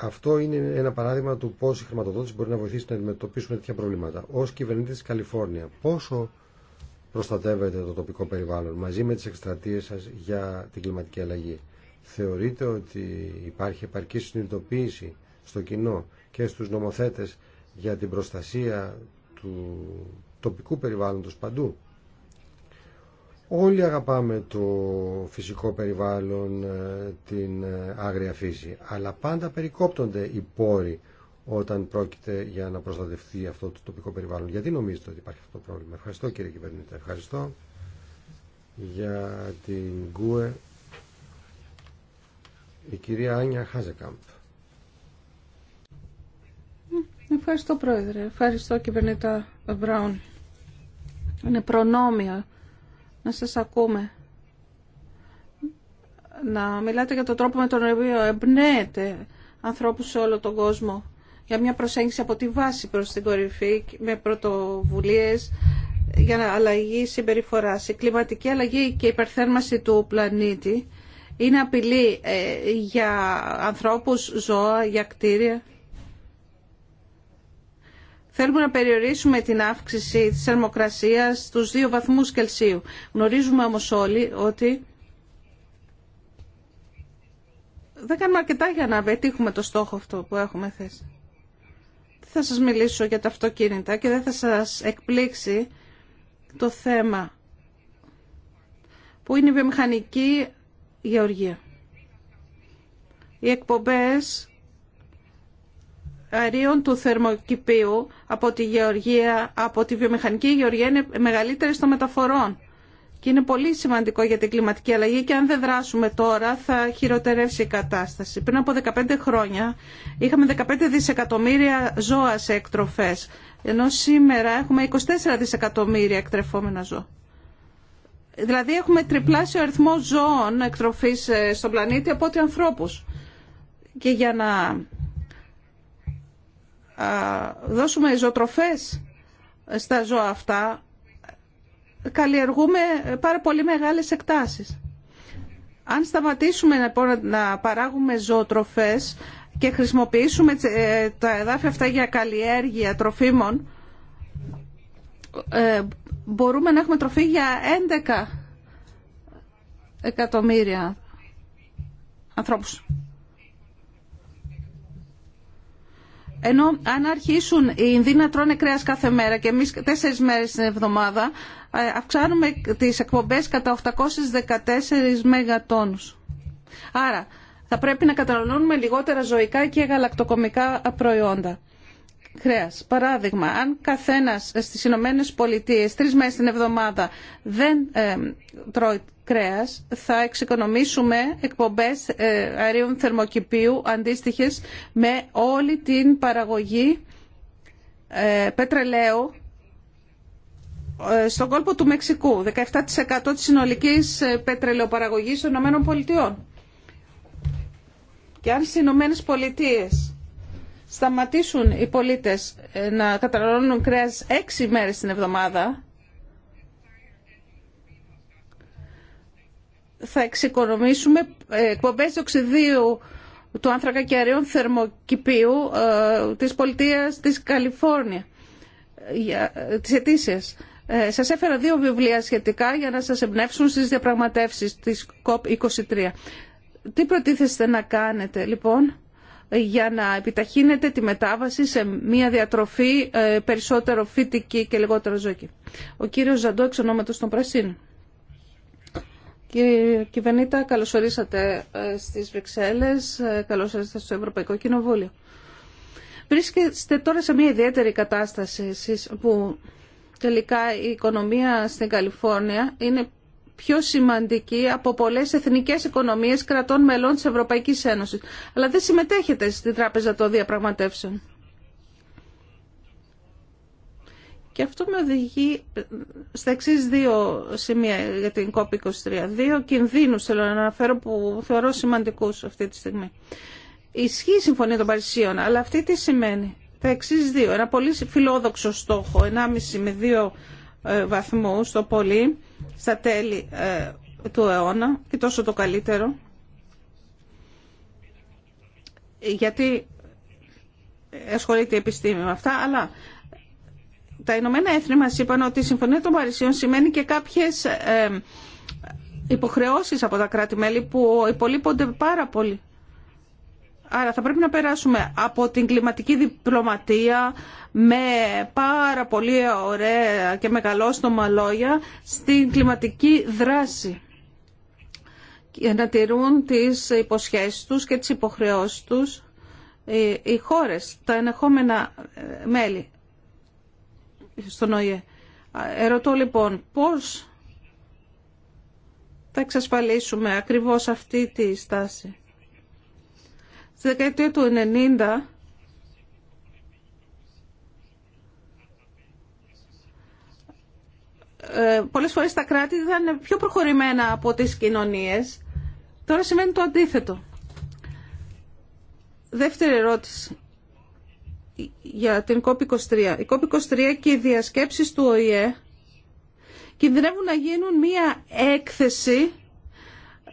Αυτό είναι ένα παράδειγμα του πώς η χρηματοδότηση μπορεί να βοηθήσει να αντιμετωπίσουμε τέτοια προβλήματα. Ω κυβερνήτη τη Καλιφόρνια, πόσο προστατεύετε το τοπικό περιβάλλον μαζί με τις εκστρατείες σας για την κλιματική αλλαγή. Θεωρείτε ότι υπάρχει επαρκή συνειδητοποίηση στο κοινό και στους νομοθέτες για την προστασία του τοπικού περιβάλλοντος παντού. Όλοι αγαπάμε το φυσικό περιβάλλον, ε, την ε, άγρια φύση, αλλά πάντα περικόπτονται οι πόροι όταν πρόκειται για να προστατευτεί αυτό το τοπικό περιβάλλον. Γιατί νομίζετε ότι υπάρχει αυτό το πρόβλημα. Ευχαριστώ κύριε κυβερνήτη. Ευχαριστώ για την ΚΟΕ η κυρία Άνια Χάζεκαμπ. Ε, ευχαριστώ πρόεδρε. Ευχαριστώ κυβερνήτα Μπράουν. Είναι προνόμια να σας ακούμε. Να μιλάτε για τον τρόπο με τον οποίο εμπνέετε ανθρώπους σε όλο τον κόσμο για μια προσέγγιση από τη βάση προς την κορυφή με πρωτοβουλίες για αλλαγή συμπεριφοράς. Η κλιματική αλλαγή και η υπερθέρμανση του πλανήτη είναι απειλή ε, για ανθρώπους, ζώα, για κτίρια. Θέλουμε να περιορίσουμε την αύξηση της θερμοκρασίας στους δύο βαθμούς Κελσίου. Γνωρίζουμε όμως όλοι ότι δεν κάνουμε αρκετά για να πετύχουμε το στόχο αυτό που έχουμε θέσει. Θα σας μιλήσω για τα αυτοκίνητα και δεν θα σας εκπλήξει το θέμα που είναι η βιομηχανική γεωργία. Οι εκπομπές αερίων του θερμοκηπίου από τη γεωργία, από τη βιομηχανική γεωργία είναι μεγαλύτερες των μεταφορών είναι πολύ σημαντικό για την κλιματική αλλαγή και αν δεν δράσουμε τώρα θα χειροτερεύσει η κατάσταση. Πριν από 15 χρόνια είχαμε 15 δισεκατομμύρια ζώα σε εκτροφές, ενώ σήμερα έχουμε 24 δισεκατομμύρια εκτρεφόμενα ζώα. Δηλαδή έχουμε τριπλάσιο αριθμό ζώων εκτροφής ε, στον πλανήτη από ό,τι ανθρώπους. Και για να δώσουμε ζωοτροφές στα ζώα αυτά καλλιεργούμε πάρα πολύ μεγάλες εκτάσεις. Αν σταματήσουμε να παράγουμε ζωοτροφές και χρησιμοποιήσουμε ε, τα εδάφια αυτά για καλλιέργεια τροφίμων, ε, μπορούμε να έχουμε τροφή για 11 εκατομμύρια ανθρώπους. Ενώ αν αρχίσουν οι Ινδοί να τρώνε κρέας κάθε μέρα και εμείς τέσσερις μέρες την εβδομάδα, ε, αυξάνουμε τις εκπομπές κατά 814 μεγατόνους. Άρα θα πρέπει να καταναλώνουμε λιγότερα ζωικά και γαλακτοκομικά προϊόντα. Κρέας. Παράδειγμα, αν καθένας στις Ηνωμένε Πολιτείες τρεις μέρες την εβδομάδα δεν ε, τρώει κρέας θα εξοικονομήσουμε εκπομπές ε, αερίων θερμοκηπίου αντίστοιχες με όλη την παραγωγή ε, πετρελαίου ε, στον κόλπο του Μεξικού, 17% της συνολικής πετρελαιοπαραγωγής των Ηνωμένων Πολιτειών. Και αν στις Ηνωμένε Πολιτείες σταματήσουν οι πολίτες να καταναλώνουν κρέας έξι μέρες την εβδομάδα, θα εξοικονομήσουμε ε, εκπομπέ οξυδίου του άνθρακα και αερίων θερμοκηπίου ε, της πολιτείας της Καλιφόρνια, ε, της Σα σας έφερα δύο βιβλία σχετικά για να σας εμπνεύσουν στις διαπραγματεύσεις της COP23. Τι προτίθεστε να κάνετε λοιπόν για να επιταχύνετε τη μετάβαση σε μια διατροφή περισσότερο φυτική και λιγότερο ζωική. Ο κύριος Ζαντό, εξ ονόματος των Πρασίνων. Κύριε Κυβερνήτα, καλωσορίσατε ε, στις Βρυξέλλες, ε, καλωσορίσατε στο Ευρωπαϊκό Κοινοβούλιο. Βρίσκεστε τώρα σε μια ιδιαίτερη κατάσταση εσείς που τελικά η οικονομία στην Καλιφόρνια είναι πιο σημαντική από πολλές εθνικές οικονομίες κρατών μελών της Ευρωπαϊκής Ένωσης. Αλλά δεν συμμετέχετε στην Τράπεζα των Διαπραγματεύσεων. Και αυτό με οδηγεί ε, στα εξή δύο σημεία για την COP23. Δύο κινδύνους θέλω να αναφέρω που θεωρώ σημαντικού αυτή τη στιγμή. Ισχύει η Συμφωνία των Παρισίων, αλλά αυτή τι σημαίνει. Τα εξή δύο. Ένα πολύ φιλόδοξο στόχο, 1,5 με 2 ε, βαθμού το πολύ στα τέλη ε, του αιώνα και τόσο το καλύτερο. Γιατί ασχολείται η επιστήμη με αυτά, αλλά τα Ηνωμένα Έθνη μας είπαν ότι η Συμφωνία των Παρισίων σημαίνει και κάποιες ε, υποχρεώσεις από τα κράτη-μέλη που υπολείπονται πάρα πολύ. Άρα θα πρέπει να περάσουμε από την κλιματική διπλωματία με πάρα πολύ ωραία και μεγαλόστομα λόγια στην κλιματική δράση για να τηρούν τις υποσχέσεις τους και τις υποχρεώσεις τους οι χώρες, τα ενεχόμενα ε, μέλη στον Ερωτώ λοιπόν πώς θα εξασφαλίσουμε ακριβώς αυτή τη στάση. Στη δεκαετία του 90 ε, πολλές φορές τα κράτη ήταν πιο προχωρημένα από τις κοινωνίες. Τώρα σημαίνει το αντίθετο. Δεύτερη ερώτηση για την COP23. Η COP23 και οι διασκέψεις του ΟΗΕ κινδυνεύουν να γίνουν μία έκθεση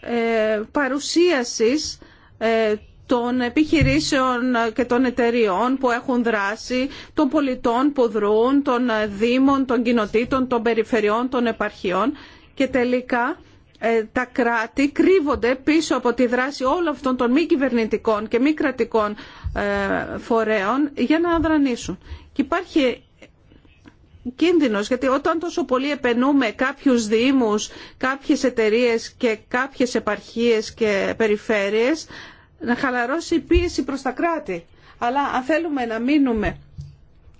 ε, παρουσίασης ε, των επιχειρήσεων και των εταιριών που έχουν δράσει, των πολιτών που δρούν, των δήμων, των κοινοτήτων, των περιφερειών, των επαρχιών και τελικά ε, τα κράτη κρύβονται πίσω από τη δράση όλων αυτών των μη κυβερνητικών και μη κρατικών ε, φορέων για να αδρανήσουν. Και υπάρχει κίνδυνος, γιατί όταν τόσο πολύ επενούμε κάποιους δήμους, κάποιες εταιρείες και κάποιες επαρχίες και περιφέρειες, να χαλαρώσει η πίεση προς τα κράτη. Αλλά αν θέλουμε να μείνουμε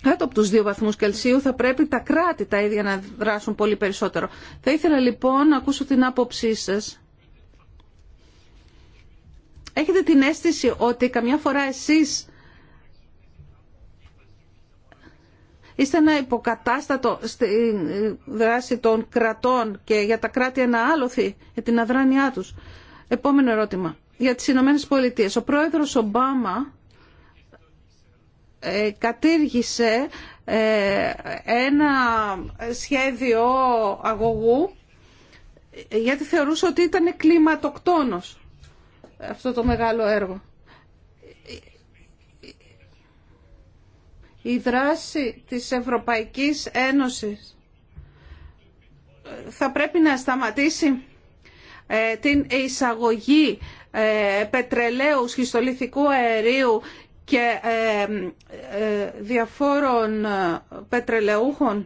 κάτω από τους δύο βαθμούς Κελσίου θα πρέπει τα κράτη τα ίδια να δράσουν πολύ περισσότερο. Θα ήθελα λοιπόν να ακούσω την άποψή σας. Έχετε την αίσθηση ότι καμιά φορά εσείς είστε ένα υποκατάστατο στη δράση των κρατών και για τα κράτη ένα άλοθη για την αδράνειά τους. Επόμενο ερώτημα. Για τις Ηνωμένε Πολιτείες. Ο πρόεδρος Ομπάμα ε, κατήργησε ε, ένα σχέδιο αγωγού ε, γιατί θεωρούσε ότι ήταν κλιματοκτόνος αυτό το μεγάλο έργο. Η δράση της Ευρωπαϊκής Ένωσης θα πρέπει να σταματήσει την εισαγωγή πετρελαίου, σχιστολιθικού αερίου και ε, ε, διαφόρων ε, πετρελαιούχων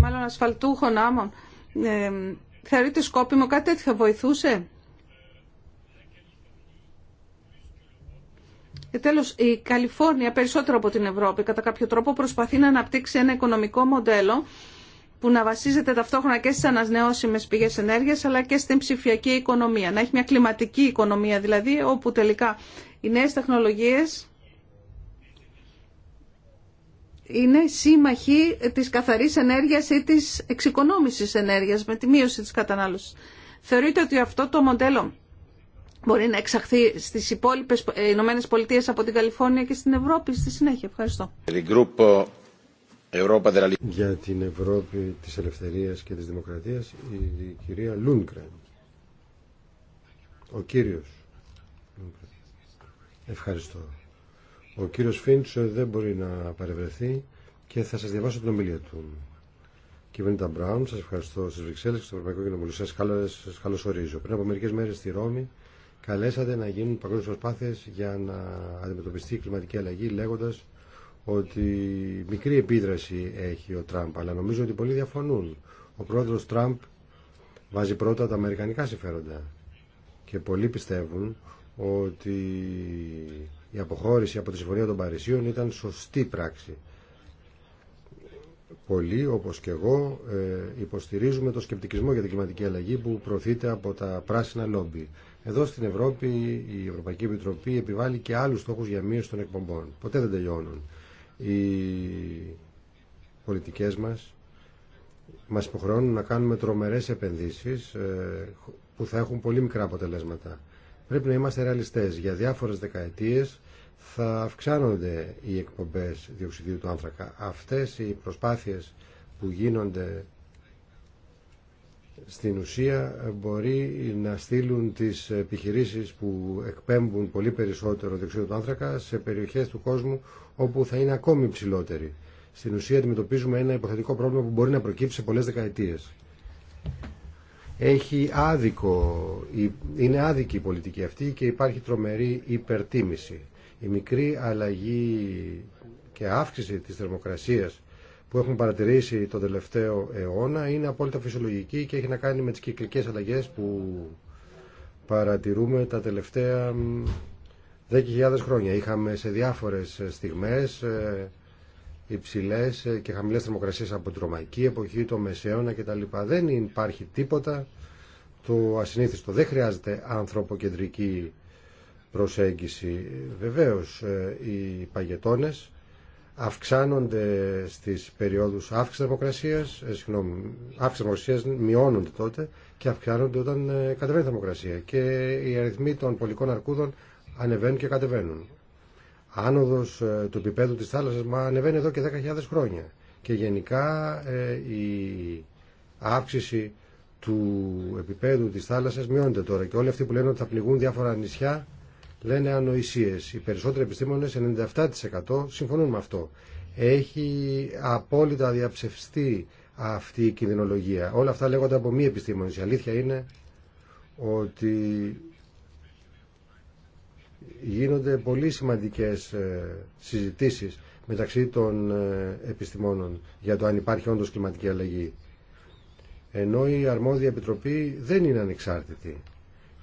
μάλλον ασφαλτούχων άμμων θεωρείτε σκόπιμο κάτι τέτοιο θα βοηθούσε Και τέλος, η Καλιφόρνια περισσότερο από την Ευρώπη κατά κάποιο τρόπο προσπαθεί να αναπτύξει ένα οικονομικό μοντέλο που να βασίζεται ταυτόχρονα και στις ανανεώσιμες πηγές ενέργειας αλλά και στην ψηφιακή οικονομία. Να έχει μια κλιματική οικονομία δηλαδή όπου τελικά οι νέες τεχνολογίες είναι σύμμαχοι της καθαρής ενέργειας ή της εξοικονόμησης ενέργειας με τη μείωση της κατανάλωσης. Θεωρείτε ότι αυτό το μοντέλο μπορεί να εξαχθεί στις υπόλοιπες Ηνωμένες Πολιτείες από την Καλιφόρνια και στην Ευρώπη στη συνέχεια. Ευχαριστώ. Για την Ευρώπη της Ελευθερίας και της Δημοκρατίας η κυρία Λούνγκρεν. Ο κύριος. Ευχαριστώ. Ο κύριος Φίντσο ε, δεν μπορεί να παρευρεθεί και θα σας διαβάσω την ομιλία του. Κυβέρνητα Μπράουν, σας ευχαριστώ στις Βρυξέλλες και στο Ευρωπαϊκό Κοινοβούλιο. Σας, σας καλωσορίζω. Πριν από μερικές μέρες στη Ρώμη καλέσατε να γίνουν παγκόσμιες προσπάθειες για να αντιμετωπιστεί η κλιματική αλλαγή λέγοντας ότι μικρή επίδραση έχει ο Τραμπ, αλλά νομίζω ότι πολλοί διαφωνούν. Ο πρόεδρος Τραμπ βάζει πρώτα τα αμερικανικά συμφέροντα και πολλοί πιστεύουν ότι η αποχώρηση από τη Συμφωνία των Παρισίων ήταν σωστή πράξη. Πολλοί, όπως και εγώ, ε, υποστηρίζουμε το σκεπτικισμό για την κλιματική αλλαγή που προωθείται από τα πράσινα λόμπι. Εδώ στην Ευρώπη η Ευρωπαϊκή Επιτροπή επιβάλλει και άλλους στόχους για μείωση των εκπομπών. Ποτέ δεν τελειώνουν οι πολιτικές μας μας υποχρεώνουν να κάνουμε τρομερές επενδύσεις ε, που θα έχουν πολύ μικρά αποτελέσματα. Πρέπει να είμαστε ρεαλιστές. Για διάφορες δεκαετίες θα αυξάνονται οι εκπομπές διοξιδίου του άνθρακα. Αυτές οι προσπάθειες που γίνονται στην ουσία μπορεί να στείλουν τις επιχειρήσεις που εκπέμπουν πολύ περισσότερο διοξείδιο του άνθρακα σε περιοχές του κόσμου όπου θα είναι ακόμη υψηλότερη. Στην ουσία αντιμετωπίζουμε ένα υποθετικό πρόβλημα που μπορεί να προκύψει σε πολλές δεκαετίες. Έχει άδικο, είναι άδικη η πολιτική αυτή και υπάρχει τρομερή υπερτίμηση. Η μικρή αλλαγή και αύξηση της θερμοκρασίας που έχουμε παρατηρήσει τον τελευταίο αιώνα είναι απόλυτα φυσιολογική και έχει να κάνει με τις κυκλικές αλλαγές που παρατηρούμε τα τελευταία 10.000 χρόνια. Είχαμε σε διάφορες ε, στιγμές ε, υψηλέ ε, και χαμηλέ θερμοκρασίε από την Ρωμαϊκή εποχή, το Μεσαίωνα κτλ. Δεν υπάρχει τίποτα το ασυνήθιστο. Δεν χρειάζεται ανθρωποκεντρική προσέγγιση. Βεβαίω, οι παγετώνε αυξάνονται στι περιόδου αύξηση θερμοκρασία, συγγνώμη, αύξηση μειώνονται τότε και αυξάνονται όταν κατεβαίνει θερμοκρασία. Και οι αριθμοί των πολικών αρκούδων ανεβαίνουν και κατεβαίνουν. Άνοδος ε, του επίπεδου της θάλασσας μα ανεβαίνει εδώ και 10.000 χρόνια. Και γενικά ε, η αύξηση του επίπεδου της θάλασσας μειώνεται τώρα. Και όλοι αυτοί που λένε ότι θα πληγούν διάφορα νησιά λένε ανοησίες. Οι περισσότεροι επιστήμονες, 97% συμφωνούν με αυτό. Έχει απόλυτα διαψευστεί αυτή η κινδυνολογία. Όλα αυτά λέγονται από μη επιστήμονε. Η αλήθεια είναι ότι γίνονται πολύ σημαντικές ε, συζητήσεις μεταξύ των ε, επιστημόνων για το αν υπάρχει όντως κλιματική αλλαγή. Ενώ η αρμόδια επιτροπή δεν είναι ανεξάρτητη.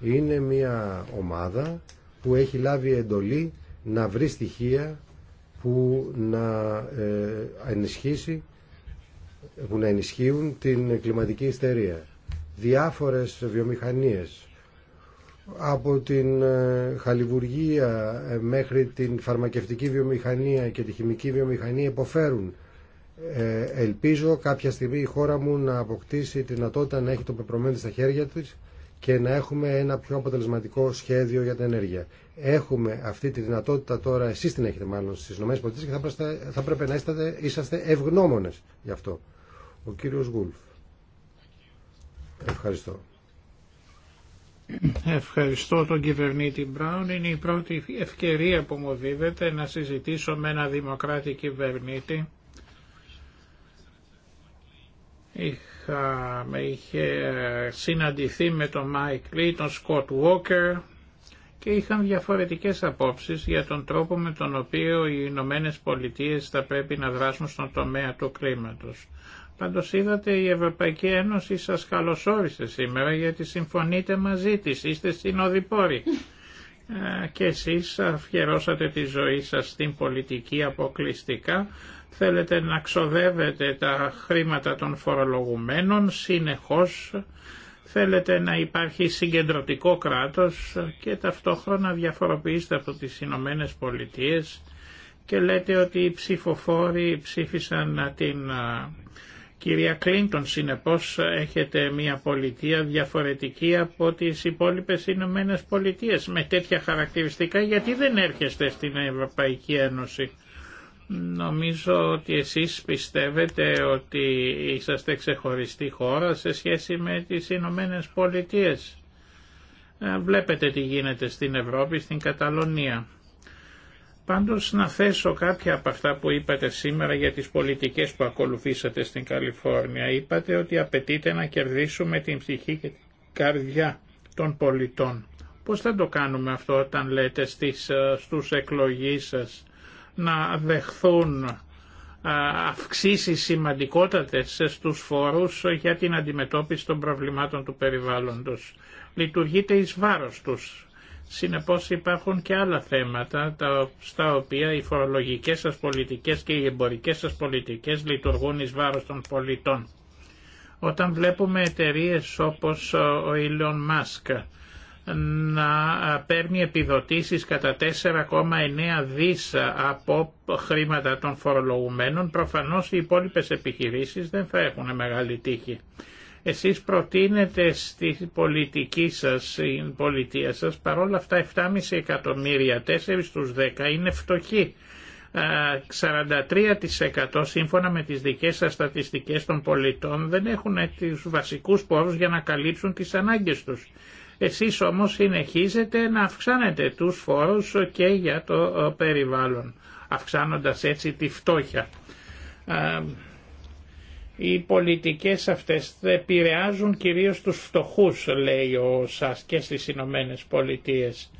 Είναι μια ομάδα που έχει λάβει εντολή να βρει στοιχεία που να ε, ενισχύσει να ενισχύουν την κλιματική ιστερία. Διάφορες βιομηχανίες από την ε, χαλιβουργία ε, μέχρι την φαρμακευτική βιομηχανία και τη χημική βιομηχανία υποφέρουν. Ε, ελπίζω κάποια στιγμή η χώρα μου να αποκτήσει τη δυνατότητα να έχει το πεπρωμένο στα χέρια της και να έχουμε ένα πιο αποτελεσματικό σχέδιο για την ενέργεια. Έχουμε αυτή τη δυνατότητα τώρα, εσείς την έχετε μάλλον στις ΗΠΑ και θα, πρέπει να είστε είσαστε ευγνώμονες γι' αυτό. Ο κύριος Γουλφ. Ευχαριστώ. Ευχαριστώ τον κυβερνήτη Μπράουν. Είναι η πρώτη ευκαιρία που μου δίδεται να συζητήσω με ένα δημοκράτη κυβερνήτη. Είχα, με είχε ε, συναντηθεί με τον Μάικ Λί, τον Σκοτ Βόκερ και είχαν διαφορετικές απόψεις για τον τρόπο με τον οποίο οι Ηνωμένε Πολιτείες θα πρέπει να δράσουν στον τομέα του κλίματος. Πάντως είδατε η Ευρωπαϊκή Ένωση σας καλωσόρισε σήμερα γιατί συμφωνείτε μαζί της, είστε στην ε, και εσείς αφιερώσατε τη ζωή σας στην πολιτική αποκλειστικά, θέλετε να ξοδεύετε τα χρήματα των φορολογουμένων συνεχώς, θέλετε να υπάρχει συγκεντρωτικό κράτος και ταυτόχρονα διαφοροποιήστε από τις Ηνωμένε Πολιτείες και λέτε ότι οι ψηφοφόροι ψήφισαν την ε, Κυρία Κλίντον, συνεπώς έχετε μια πολιτεία διαφορετική από τις υπόλοιπες Ηνωμένε Πολιτείε με τέτοια χαρακτηριστικά γιατί δεν έρχεστε στην Ευρωπαϊκή Ένωση. Νομίζω ότι εσείς πιστεύετε ότι είσαστε ξεχωριστή χώρα σε σχέση με τις Ηνωμένε Πολιτείε. Ε, βλέπετε τι γίνεται στην Ευρώπη, στην Καταλωνία. Πάντως να θέσω κάποια από αυτά που είπατε σήμερα για τις πολιτικές που ακολουθήσατε στην Καλιφόρνια. Είπατε ότι απαιτείται να κερδίσουμε την ψυχή και την καρδιά των πολιτών. Πώς θα το κάνουμε αυτό όταν λέτε στις, ε, στους εκλογείς σας να δεχθούν ε, αυξήσει σημαντικότατες στους φόρους για την αντιμετώπιση των προβλημάτων του περιβάλλοντος. Λειτουργείται εις βάρος τους Συνεπώς υπάρχουν και άλλα θέματα τα, στα οποία οι φορολογικές σας πολιτικές και οι εμπορικές σας πολιτικές λειτουργούν εις βάρος των πολιτών. Όταν βλέπουμε εταιρείε όπως ο Elon Musk να παίρνει επιδοτήσεις κατά 4,9 δις από χρήματα των φορολογουμένων, προφανώς οι υπόλοιπες επιχειρήσεις δεν θα έχουν μεγάλη τύχη. Εσείς προτείνετε στη πολιτική σας, στην πολιτεία σας, παρόλα αυτά 7,5 εκατομμύρια, 4 στους 10 είναι φτωχοί. 43% σύμφωνα με τις δικές σας στατιστικές των πολιτών δεν έχουν τους βασικούς πόρους για να καλύψουν τις ανάγκες τους. Εσείς όμως συνεχίζετε να αυξάνετε τους φόρους και για το ε, περιβάλλον, αυξάνοντας έτσι τη φτώχεια. Οι πολιτικές αυτές επηρεάζουν κυρίως τους φτωχούς, λέει ο ΣΑΣ και στις Ηνωμένε Πολιτείες.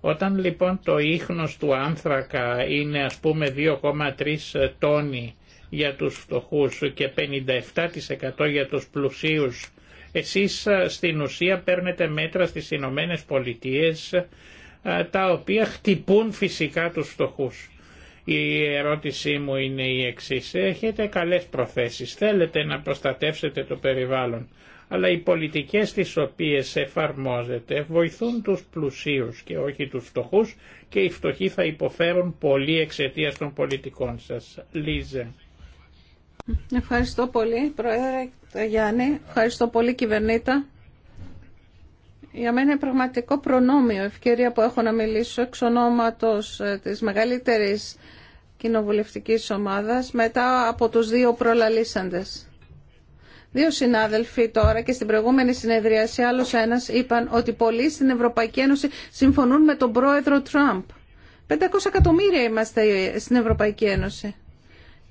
Όταν λοιπόν το ίχνος του άνθρακα είναι ας πούμε 2,3 τόνοι για τους φτωχούς και 57% για τους πλουσίους, εσείς στην ουσία παίρνετε μέτρα στις Ηνωμένε Πολιτείες τα οποία χτυπούν φυσικά τους φτωχούς. Η ερώτησή μου είναι η εξή. Έχετε καλές προθέσεις, θέλετε να προστατεύσετε το περιβάλλον, αλλά οι πολιτικές τις οποίε εφαρμόζετε βοηθούν τους πλουσίους και όχι τους φτωχού, και οι φτωχοί θα υποφέρουν πολύ εξαιτία των πολιτικών σας. Λίζε. Ευχαριστώ πολύ Πρόεδρε Γιάννη, ευχαριστώ πολύ Κυβερνήτα για μένα είναι πραγματικό προνόμιο ευκαιρία που έχω να μιλήσω εξ ονόματος ε, της μεγαλύτερης κοινοβουλευτικής ομάδας μετά από τους δύο προλαλήσαντες. Δύο συνάδελφοι τώρα και στην προηγούμενη συνεδρίαση άλλος ένας είπαν ότι πολλοί στην Ευρωπαϊκή Ένωση συμφωνούν με τον πρόεδρο Τραμπ. 500 εκατομμύρια είμαστε στην Ευρωπαϊκή Ένωση.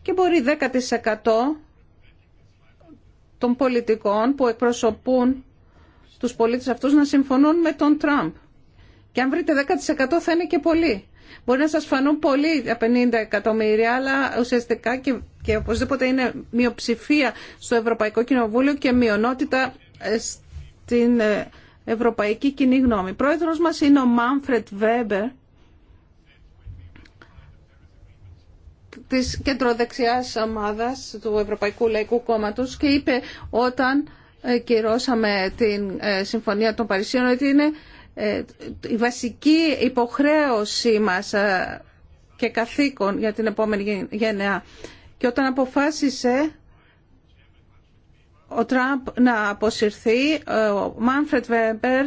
Και μπορεί 10% των πολιτικών που εκπροσωπούν τους πολίτες αυτούς να συμφωνούν με τον Τραμπ. Και αν βρείτε 10% θα είναι και πολύ. Μπορεί να σας φανούν πολύ τα 50 εκατομμύρια, αλλά ουσιαστικά και, και οπωσδήποτε είναι μειοψηφία στο Ευρωπαϊκό Κοινοβούλιο και μειονότητα ε, στην ε, Ευρωπαϊκή Κοινή Γνώμη. Πρόεδρος μας είναι ο Μάνφρετ Βέμπερ της κεντροδεξιάς ομάδας του Ευρωπαϊκού Λαϊκού Κόμματος και είπε όταν κυρώσαμε την ε, Συμφωνία των Παρισίων ότι είναι ε, η βασική υποχρέωση μας ε, και καθήκον για την επόμενη γενεά. Και όταν αποφάσισε ο Τραμπ να αποσυρθεί, ο Μάνφρετ Βέμπερ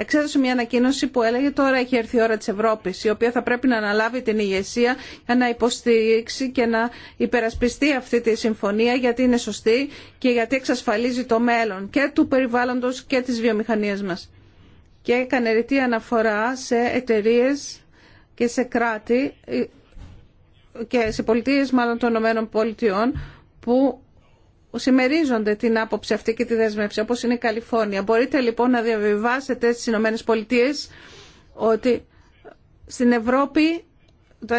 εξέδωσε μια ανακοίνωση που έλεγε τώρα έχει έρθει η ώρα της Ευρώπης, η οποία θα πρέπει να αναλάβει την ηγεσία για να υποστηρίξει και να υπερασπιστεί αυτή τη συμφωνία γιατί είναι σωστή και γιατί εξασφαλίζει το μέλλον και του περιβάλλοντος και της βιομηχανίας μας. Και έκανε ρητή αναφορά σε εταιρείε και σε κράτη ε, και σε πολιτείες μάλλον των ΗΠΑ που συμμερίζονται την άποψη αυτή και τη δέσμευση, όπως είναι η Καλιφόρνια. Μπορείτε λοιπόν να διαβιβάσετε στι Ηνωμένε Πολιτείε ότι στην Ευρώπη το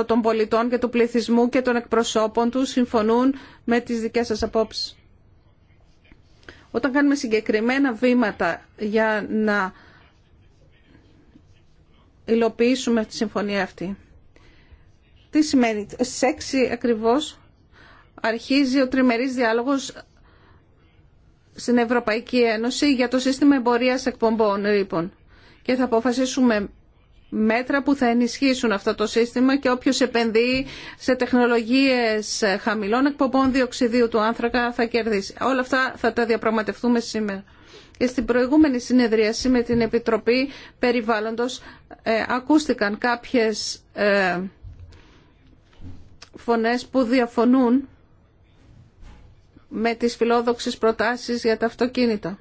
90% των πολιτών και του πληθυσμού και των εκπροσώπων του συμφωνούν με τις δικέ σας απόψει. Όταν κάνουμε συγκεκριμένα βήματα για να υλοποιήσουμε τη συμφωνία αυτή. Τι σημαίνει, στις 6 ακριβώς αρχίζει ο τριμερής διάλογος στην Ευρωπαϊκή Ένωση για το σύστημα εμπορίας εκπομπών ρήπων. Λοιπόν. Και θα αποφασίσουμε μέτρα που θα ενισχύσουν αυτό το σύστημα και όποιος επενδύει σε τεχνολογίες χαμηλών εκπομπών διοξιδίου του άνθρακα θα κερδίσει. Όλα αυτά θα τα διαπραγματευτούμε σήμερα. Και στην προηγούμενη συνεδρίαση με την Επιτροπή Περιβάλλοντος ε, ακούστηκαν κάποιες ε, φωνές που διαφωνούν με τις φιλόδοξες προτάσεις για τα αυτοκίνητα.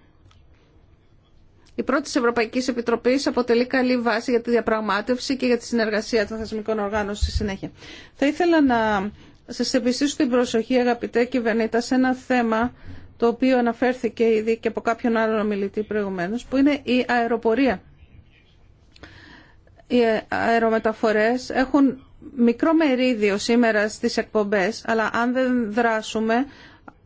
Η πρώτη ευρωπαϊκή Επιτροπή αποτελεί καλή βάση για τη διαπραγμάτευση και για τη συνεργασία των θεσμικών οργάνων στη συνέχεια. Θα ήθελα να σα επιστήσω την προσοχή αγαπητέ κυβερνήτα σε ένα θέμα το οποίο αναφέρθηκε ήδη και από κάποιον άλλον ομιλητή προηγουμένω, που είναι η αεροπορία. Οι αερομεταφορέ έχουν μικρό μερίδιο σήμερα στι εκπομπέ, αλλά αν δεν δράσουμε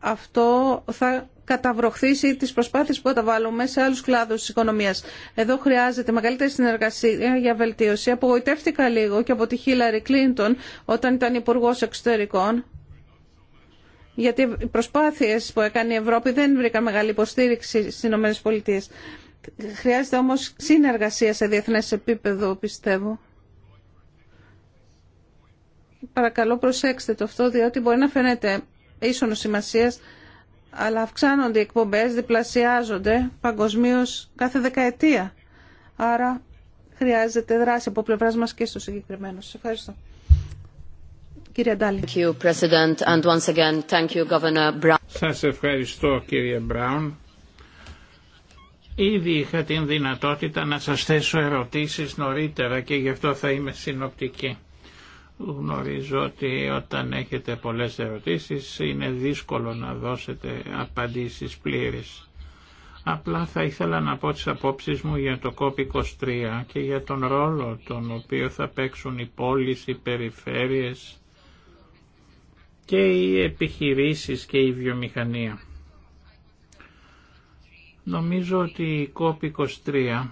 αυτό θα καταβροχθήσει τις προσπάθειες που καταβάλουμε σε άλλους κλάδους της οικονομίας. Εδώ χρειάζεται μεγαλύτερη συνεργασία για βελτίωση. Απογοητεύτηκα λίγο και από τη Χίλαρη Κλίντον όταν ήταν υπουργό Εξωτερικών γιατί οι προσπάθειες που έκανε η Ευρώπη δεν βρήκαν μεγάλη υποστήριξη στις ΗΠΑ. Χρειάζεται όμως συνεργασία σε διεθνές επίπεδο, πιστεύω. Παρακαλώ προσέξτε το αυτό, διότι μπορεί να φαίνεται ίσονος σημασίας, αλλά αυξάνονται οι εκπομπές, διπλασιάζονται παγκοσμίω κάθε δεκαετία. Άρα χρειάζεται δράση από πλευρά μα και στο συγκεκριμένο. Σας ευχαριστώ. Κύριε Ντάλη. Σας ευχαριστώ κύριε Μπράουν. Ήδη είχα την δυνατότητα να σας θέσω ερωτήσεις νωρίτερα και γι' αυτό θα είμαι συνοπτική. Γνωρίζω ότι όταν έχετε πολλές ερωτήσεις είναι δύσκολο να δώσετε απαντήσεις πλήρες. Απλά θα ήθελα να πω τις απόψεις μου για το COP23 και για τον ρόλο τον οποίο θα παίξουν οι πόλεις, οι περιφέρειες και οι επιχειρήσεις και η βιομηχανία. Νομίζω ότι η COP23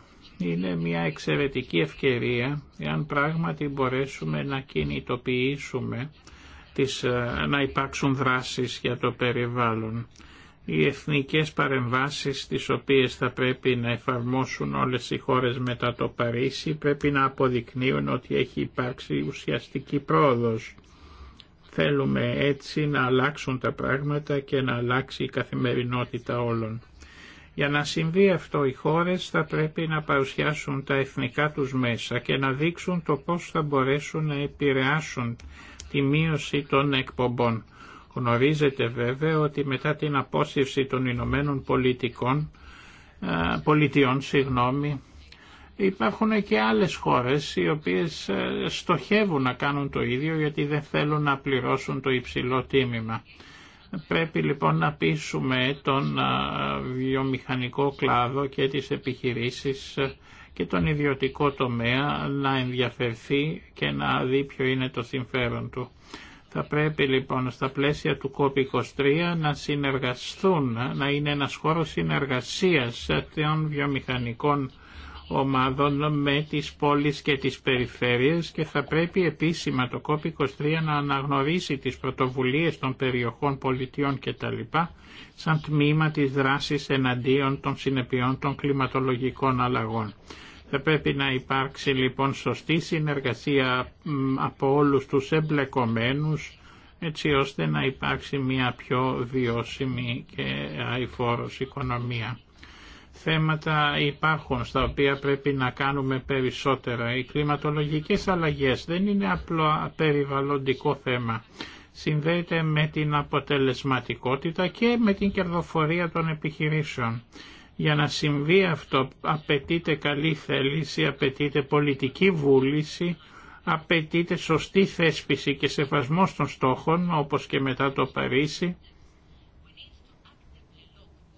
είναι μια εξαιρετική ευκαιρία εάν πράγματι μπορέσουμε να κινητοποιήσουμε τις, ε, να υπάρξουν δράσεις για το περιβάλλον. Οι εθνικές παρεμβάσεις τις οποίες θα πρέπει να εφαρμόσουν όλες οι χώρες μετά το Παρίσι πρέπει να αποδεικνύουν ότι έχει υπάρξει ουσιαστική πρόοδος. Θέλουμε έτσι να αλλάξουν τα πράγματα και να αλλάξει η καθημερινότητα όλων. Για να συμβεί αυτό οι χώρες θα πρέπει να παρουσιάσουν τα εθνικά τους μέσα και να δείξουν το πώς θα μπορέσουν να επηρεάσουν τη μείωση των εκπομπών. Γνωρίζετε βέβαια ότι μετά την απόσυρση των Ηνωμένων Πολιτικών, Πολιτιών, συγγνώμη, υπάρχουν και άλλες χώρες οι οποίες στοχεύουν να κάνουν το ίδιο γιατί δεν θέλουν να πληρώσουν το υψηλό τίμημα. Πρέπει λοιπόν να πείσουμε τον βιομηχανικό κλάδο και τις επιχειρήσεις και τον ιδιωτικό τομέα να ενδιαφερθεί και να δει ποιο είναι το συμφέρον του. Θα πρέπει λοιπόν στα πλαίσια του COP23 να συνεργαστούν, να είναι ένας χώρος συνεργασίας των βιομηχανικών ομάδων με τις πόλεις και τις περιφέρειες και θα πρέπει επίσημα το COP23 να αναγνωρίσει τις πρωτοβουλίες των περιοχών πολιτιών κτλ σαν τμήμα της δράσης εναντίον των συνεπειών των κλιματολογικών αλλαγών. Θα πρέπει να υπάρξει λοιπόν σωστή συνεργασία από όλους τους εμπλεκομένους έτσι ώστε να υπάρξει μια πιο βιώσιμη και αηφόρος οικονομία θέματα υπάρχουν στα οποία πρέπει να κάνουμε περισσότερα. Οι κλιματολογικές αλλαγές δεν είναι απλό περιβαλλοντικό θέμα. Συνδέεται με την αποτελεσματικότητα και με την κερδοφορία των επιχειρήσεων. Για να συμβεί αυτό απαιτείται καλή θέληση, απαιτείται πολιτική βούληση, απαιτείται σωστή θέσπιση και σεβασμός των στόχων όπως και μετά το Παρίσι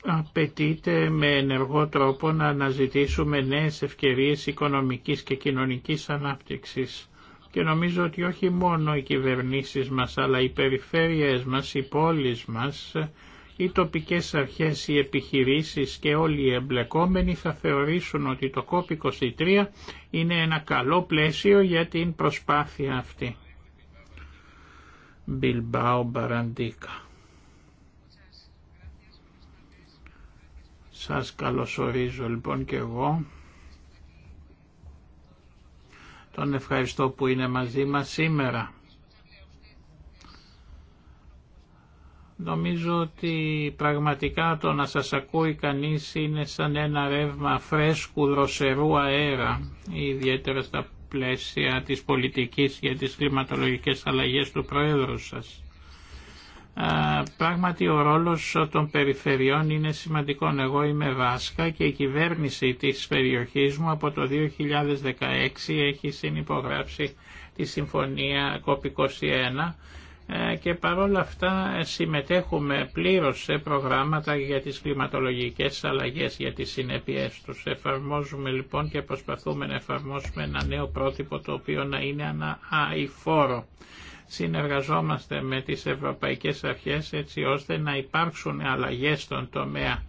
απαιτείται με ενεργό τρόπο να αναζητήσουμε νέες ευκαιρίες οικονομικής και κοινωνικής ανάπτυξης. Και νομίζω ότι όχι μόνο οι κυβερνήσεις μας, αλλά οι περιφέρειες μας, οι πόλεις μας, οι τοπικές αρχές, οι επιχειρήσεις και όλοι οι εμπλεκόμενοι θα θεωρήσουν ότι το COP23 είναι ένα καλό πλαίσιο για την προσπάθεια αυτή. Bilbao Barandica Σας καλωσορίζω λοιπόν και εγώ. Τον ευχαριστώ που είναι μαζί μας σήμερα. Νομίζω ότι πραγματικά το να σας ακούει κανείς είναι σαν ένα ρεύμα φρέσκου δροσερού αέρα, ιδιαίτερα στα πλαίσια της πολιτικής για τις κλιματολογικές αλλαγές του Προέδρου σας πράγματι ο ρόλος των περιφερειών είναι σημαντικό. Εγώ είμαι Βάσκα και η κυβέρνηση της περιοχής μου από το 2016 έχει συνυπογράψει τη Συμφωνία COP21 ε, και παρόλα αυτά συμμετέχουμε πλήρως σε προγράμματα για τις κλιματολογικές αλλαγές, για τις συνέπειές τους. Εφαρμόζουμε λοιπόν και προσπαθούμε να εφαρμόσουμε ένα νέο πρότυπο το οποίο να είναι ένα αηφόρο συνεργαζόμαστε με τις ευρωπαϊκές αρχές έτσι ώστε να υπάρξουν αλλαγές στον τομέα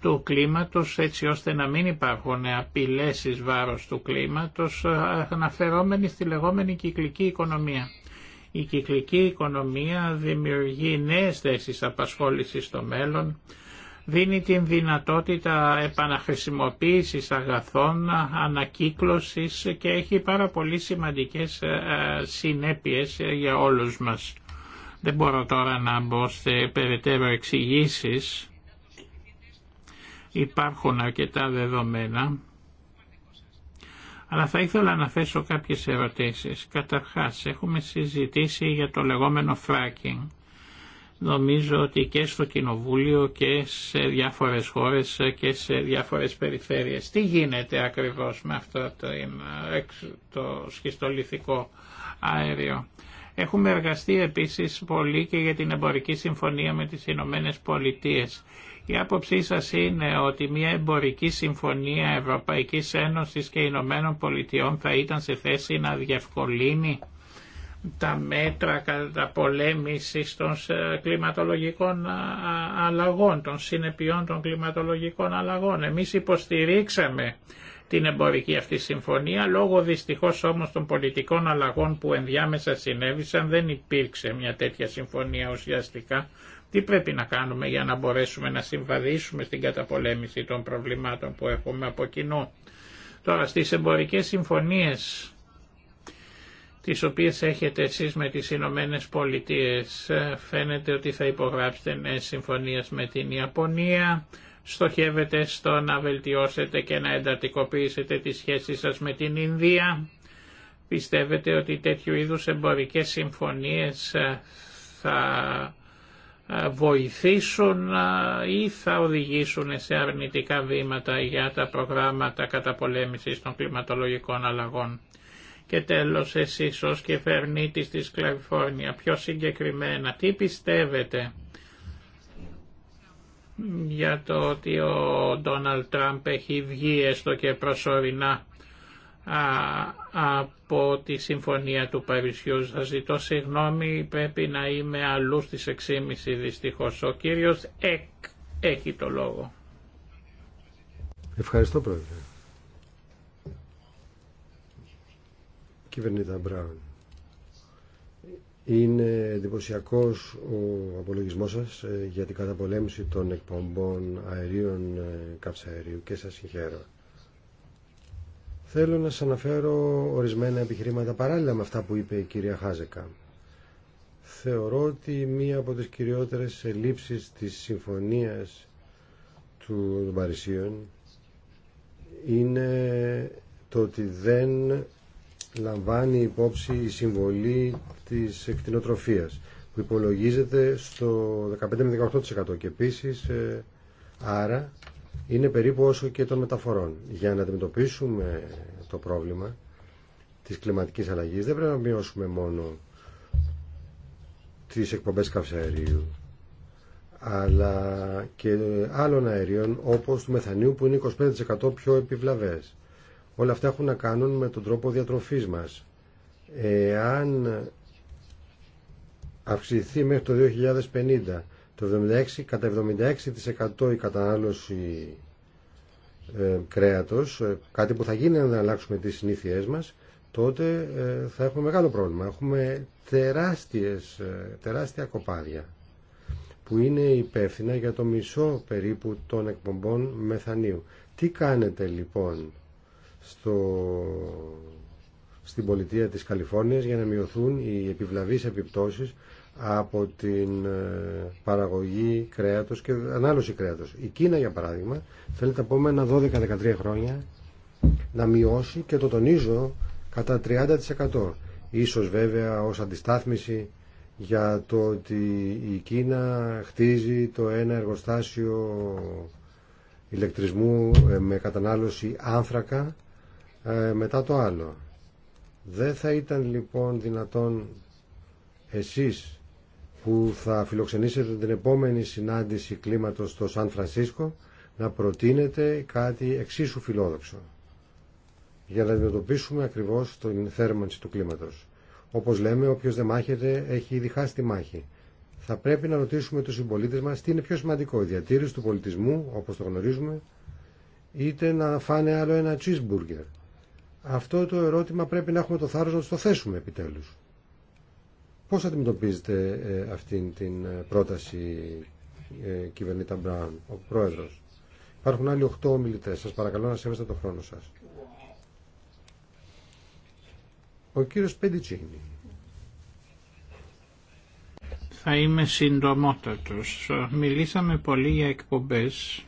του κλίματος έτσι ώστε να μην υπάρχουν απειλές εις βάρος του κλίματος αναφερόμενοι στη λεγόμενη κυκλική οικονομία. Η κυκλική οικονομία δημιουργεί νέες θέσεις απασχόλησης στο μέλλον δίνει την δυνατότητα επαναχρησιμοποίησης αγαθών, ανακύκλωσης και έχει πάρα πολύ σημαντικές ε, συνέπειες για όλους μας. Δεν μπορώ τώρα να μπω σε περαιτέρω εξηγήσει. Υπάρχουν αρκετά δεδομένα. Αλλά θα ήθελα να θέσω κάποιες ερωτήσεις. Καταρχάς, έχουμε συζητήσει για το λεγόμενο fracking Νομίζω ότι και στο Κοινοβούλιο και σε διάφορες χώρες και σε διάφορες περιφέρειες. Τι γίνεται ακριβώς με αυτό το, το σχιστολιθικό αέριο. Έχουμε εργαστεί επίσης πολύ και για την εμπορική συμφωνία με τις Ηνωμένε Πολιτείες. Η άποψή σας είναι ότι μια εμπορική συμφωνία Ευρωπαϊκής Ένωσης και Ηνωμένων Πολιτειών θα ήταν σε θέση να διευκολύνει τα μέτρα κατά πολέμηση των κλιματολογικών αλλαγών, των συνεπειών των κλιματολογικών αλλαγών. Εμείς υποστηρίξαμε την εμπορική αυτή συμφωνία, λόγω δυστυχώς όμως των πολιτικών αλλαγών που ενδιάμεσα συνέβησαν δεν υπήρξε μια τέτοια συμφωνία ουσιαστικά. Τι πρέπει να κάνουμε για να μπορέσουμε να συμβαδίσουμε στην καταπολέμηση των προβλημάτων που έχουμε από κοινού. Τώρα στις εμπορικές συμφωνίες τις οποίες έχετε εσείς με τις Ηνωμένε Πολιτείες. Ε, φαίνεται ότι θα υπογράψετε νέες συμφωνίες με την Ιαπωνία. Στοχεύετε στο να βελτιώσετε και να εντατικοποιήσετε τις σχέσεις σας με την Ινδία. Πιστεύετε ότι τέτοιου είδους εμπορικές συμφωνίες ε, θα ε, βοηθήσουν ή θα οδηγήσουν σε αρνητικά βήματα για τα προγράμματα καταπολέμησης των κλιματολογικών αλλαγών. Και τέλος εσείς ως κυβερνήτης της Καλιφόρνια, πιο συγκεκριμένα, τι πιστεύετε για το ότι ο Ντόναλτ Τραμπ έχει βγει έστω και προσωρινά από τη Συμφωνία του Παρισιού. Θα ζητώ συγγνώμη, πρέπει να είμαι αλλού στις 6.30 δυστυχώς. Ο κύριος Εκ έχει το λόγο. Ευχαριστώ πρόεδρε. Κυβερνήτα Μπράουν. Είναι εντυπωσιακό ο απολογισμός σας ε, για την καταπολέμηση των εκπομπών αερίων ε, καυσαερίου και σας συγχαίρω. Θέλω να σας αναφέρω ορισμένα επιχειρήματα παράλληλα με αυτά που είπε η κυρία Χάζεκα. Θεωρώ ότι μία από τις κυριότερες ελλείψεις της συμφωνίας του Παρισίων είναι το ότι δεν λαμβάνει υπόψη η συμβολή της εκτινοτροφίας που υπολογίζεται στο 15 18% και επίσης ε, άρα είναι περίπου όσο και των μεταφορών. Για να αντιμετωπίσουμε το πρόβλημα της κλιματικής αλλαγής δεν πρέπει να μειώσουμε μόνο τις εκπομπές καυσαερίου αλλά και άλλων αερίων όπως του μεθανίου που είναι 25% πιο επιβλαβές. Όλα αυτά έχουν να κάνουν με τον τρόπο διατροφής μας. Εάν αυξηθεί μέχρι το 2050 το 76, κατά 76% η κατανάλωση ε, κρέατος, ε, κάτι που θα γίνει αν δεν αλλάξουμε τις συνήθειές μας, τότε ε, θα έχουμε μεγάλο πρόβλημα. Έχουμε τεράστιες, ε, τεράστια κοπάδια που είναι υπεύθυνα για το μισό περίπου των εκπομπών μεθανίου. Τι κάνετε λοιπόν στο, στην πολιτεία της Καλιφόρνιας για να μειωθούν οι επιβλαβείς επιπτώσεις από την ε, παραγωγή κρέατος και ανάλωση κρέατος. Η Κίνα, για παράδειγμα, θέλει τα επόμενα 12-13 χρόνια να μειώσει και το τονίζω κατά 30%. Ίσως βέβαια ως αντιστάθμιση για το ότι η Κίνα χτίζει το ένα εργοστάσιο ηλεκτρισμού ε, με κατανάλωση άνθρακα ε, μετά το άλλο. Δεν θα ήταν λοιπόν δυνατόν εσείς που θα φιλοξενήσετε την επόμενη συνάντηση κλίματος στο Σαν Φρανσίσκο να προτείνετε κάτι εξίσου φιλόδοξο για να αντιμετωπίσουμε ακριβώς την θέρμανση του κλίματος. Όπως λέμε, όποιος δεν μάχεται έχει ήδη χάσει τη μάχη. Θα πρέπει να ρωτήσουμε τους συμπολίτε μας τι είναι πιο σημαντικό, η διατήρηση του πολιτισμού, όπως το γνωρίζουμε, είτε να φάνε άλλο ένα cheeseburger αυτό το ερώτημα πρέπει να έχουμε το θάρρος να το θέσουμε επιτέλους. Πώς αντιμετωπίζετε ε, αυτή την ε, πρόταση ε, κυβερνήτα Μπράουν, ο πρόεδρος. Υπάρχουν άλλοι 8 ομιλητές. Σας παρακαλώ να σέβεστε το χρόνο σας. Ο κύριος Πεντιτσίνη. Θα είμαι συντομότατος. Μιλήσαμε πολύ για εκπομπές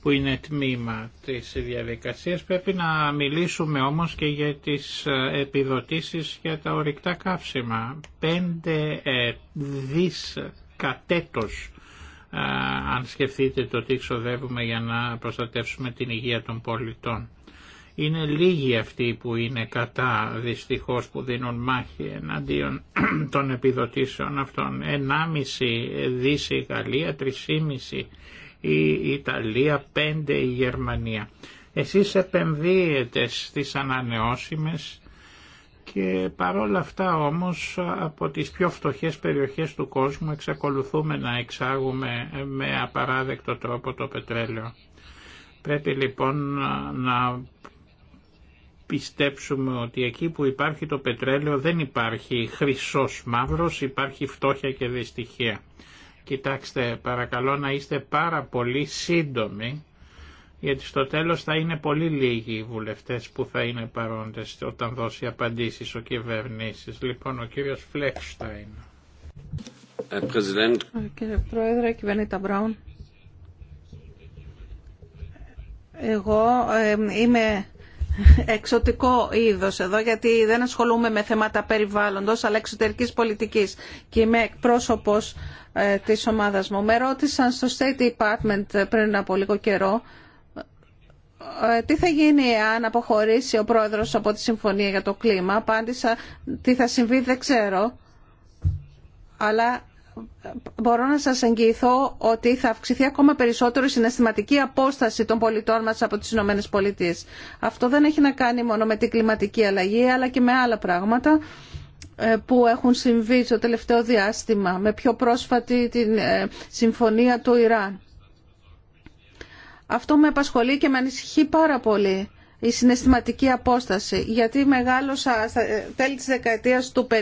που είναι τμήμα της διαδικασίας. Πρέπει να μιλήσουμε όμως και για τις ε, επιδοτήσεις για τα ορυκτά καύσιμα. 5 ε, δις κατέτος, ε, αν σκεφτείτε το τι ξοδεύουμε για να προστατεύσουμε την υγεία των πολιτών. Είναι λίγοι αυτοί που είναι κατά δυστυχώς που δίνουν μάχη εναντίον των επιδοτήσεων αυτών. 1,5 δις η Γαλλία, 3,5 η Ιταλία, 5 η Γερμανία. Εσείς επενδύετε στις ανανεώσιμες και παρόλα αυτά όμως από τις πιο φτωχές περιοχές του κόσμου εξακολουθούμε να εξάγουμε με απαράδεκτο τρόπο το πετρέλαιο. Πρέπει λοιπόν να πιστέψουμε ότι εκεί που υπάρχει το πετρέλαιο δεν υπάρχει χρυσός μαύρος, υπάρχει φτώχεια και δυστυχία. Κοιτάξτε, παρακαλώ να είστε πάρα πολύ σύντομοι, γιατί στο τέλος θα είναι πολύ λίγοι οι βουλευτές που θα είναι παρόντες όταν δώσει απαντήσεις ο κυβερνήσεις. Λοιπόν, ο κύριος Φλέξταϊν. Ε, ε, κύριε Πρόεδρε, κυβερνήτα Μπράουν. Εγώ ε, είμαι εξωτικό είδος εδώ, γιατί δεν ασχολούμαι με θέματα περιβάλλοντος, αλλά εξωτερικής πολιτικής και είμαι πρόσωπος ε, της ομάδας μου. Με ρώτησαν στο State Department ε, πριν από λίγο καιρό ε, τι θα γίνει αν αποχωρήσει ο πρόεδρος από τη Συμφωνία για το Κλίμα. Απάντησα τι θα συμβεί δεν ξέρω, αλλά μπορώ να σας εγγυηθώ ότι θα αυξηθεί ακόμα περισσότερο η συναισθηματική απόσταση των πολιτών μας από τις Ηνωμένες Πολιτείες. Αυτό δεν έχει να κάνει μόνο με την κλιματική αλλαγή, αλλά και με άλλα πράγματα ε, που έχουν συμβεί στο τελευταίο διάστημα, με πιο πρόσφατη την ε, συμφωνία του Ιράν. Αυτό με απασχολεί και με ανησυχεί πάρα πολύ η συναισθηματική απόσταση, γιατί μεγάλωσα ε, τέλη της δεκαετίας του 50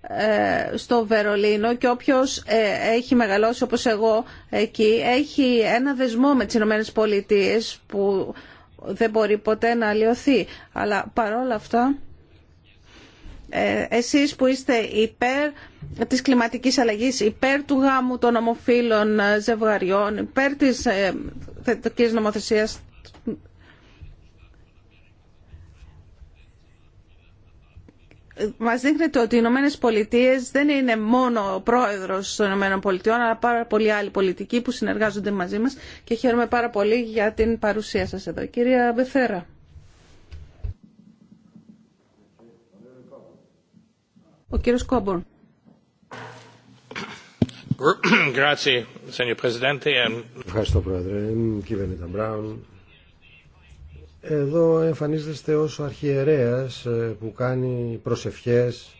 ε, στο Βερολίνο και όποιος ε, έχει μεγαλώσει όπως εγώ εκεί έχει ένα δεσμό με τις Ηνωμένες Πολιτείες που δεν μπορεί ποτέ να αλλοιωθεί. Αλλά παρόλα αυτά ε, εσείς που είστε υπέρ της κλιματικής αλλαγής, υπέρ του γάμου των ομοφύλων ζευγαριών, υπέρ της θετικής νομοθεσίας Μα δείχνετε ότι οι Ηνωμένε Πολιτείε δεν είναι μόνο ο πρόεδρος των Ηνωμένων Πολιτειών, αλλά πάρα πολλοί άλλοι πολιτικοί που συνεργάζονται μαζί μα και χαίρομαι πάρα πολύ για την παρουσία σα εδώ. Κυρία Μπεθέρα. Ο κύριος Κόμπορν. Ευχαριστώ, Πρόεδρε. Κύριε Μπράουν, εδώ εμφανίζεστε ως αρχιερέας ε, που κάνει προσευχές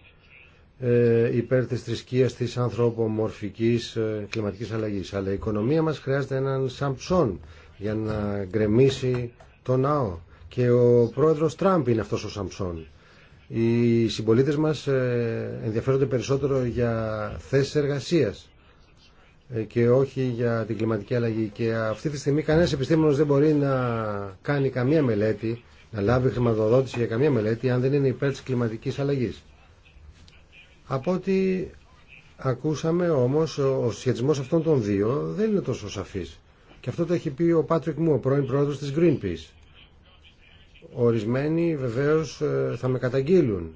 ε, υπέρ της θρησκείας της ανθρωπομορφικής ε, κλιματικής αλλαγής. Αλλά η οικονομία μας χρειάζεται έναν Σαμψόν για να γκρεμίσει το ναό. Και ο πρόεδρος Τραμπ είναι αυτός ο Σαμψόν. Οι συμπολίτες μας ενδιαφέρονται περισσότερο για θέσεις εργασίας ε, και όχι για την κλιματική αλλαγή. Και αυτή τη στιγμή κανένα επιστήμονο δεν μπορεί να κάνει καμία μελέτη, να λάβει χρηματοδότηση για καμία μελέτη, αν δεν είναι υπέρ τη κλιματικής αλλαγής. Από ό,τι ακούσαμε όμως, ο σχετισμό αυτών των δύο δεν είναι τόσο σαφής. Και αυτό το έχει πει ο Πάτρικ Μου, ο πρώην πρόεδρος τη Greenpeace. Ορισμένοι βεβαίω ε, θα με καταγγείλουν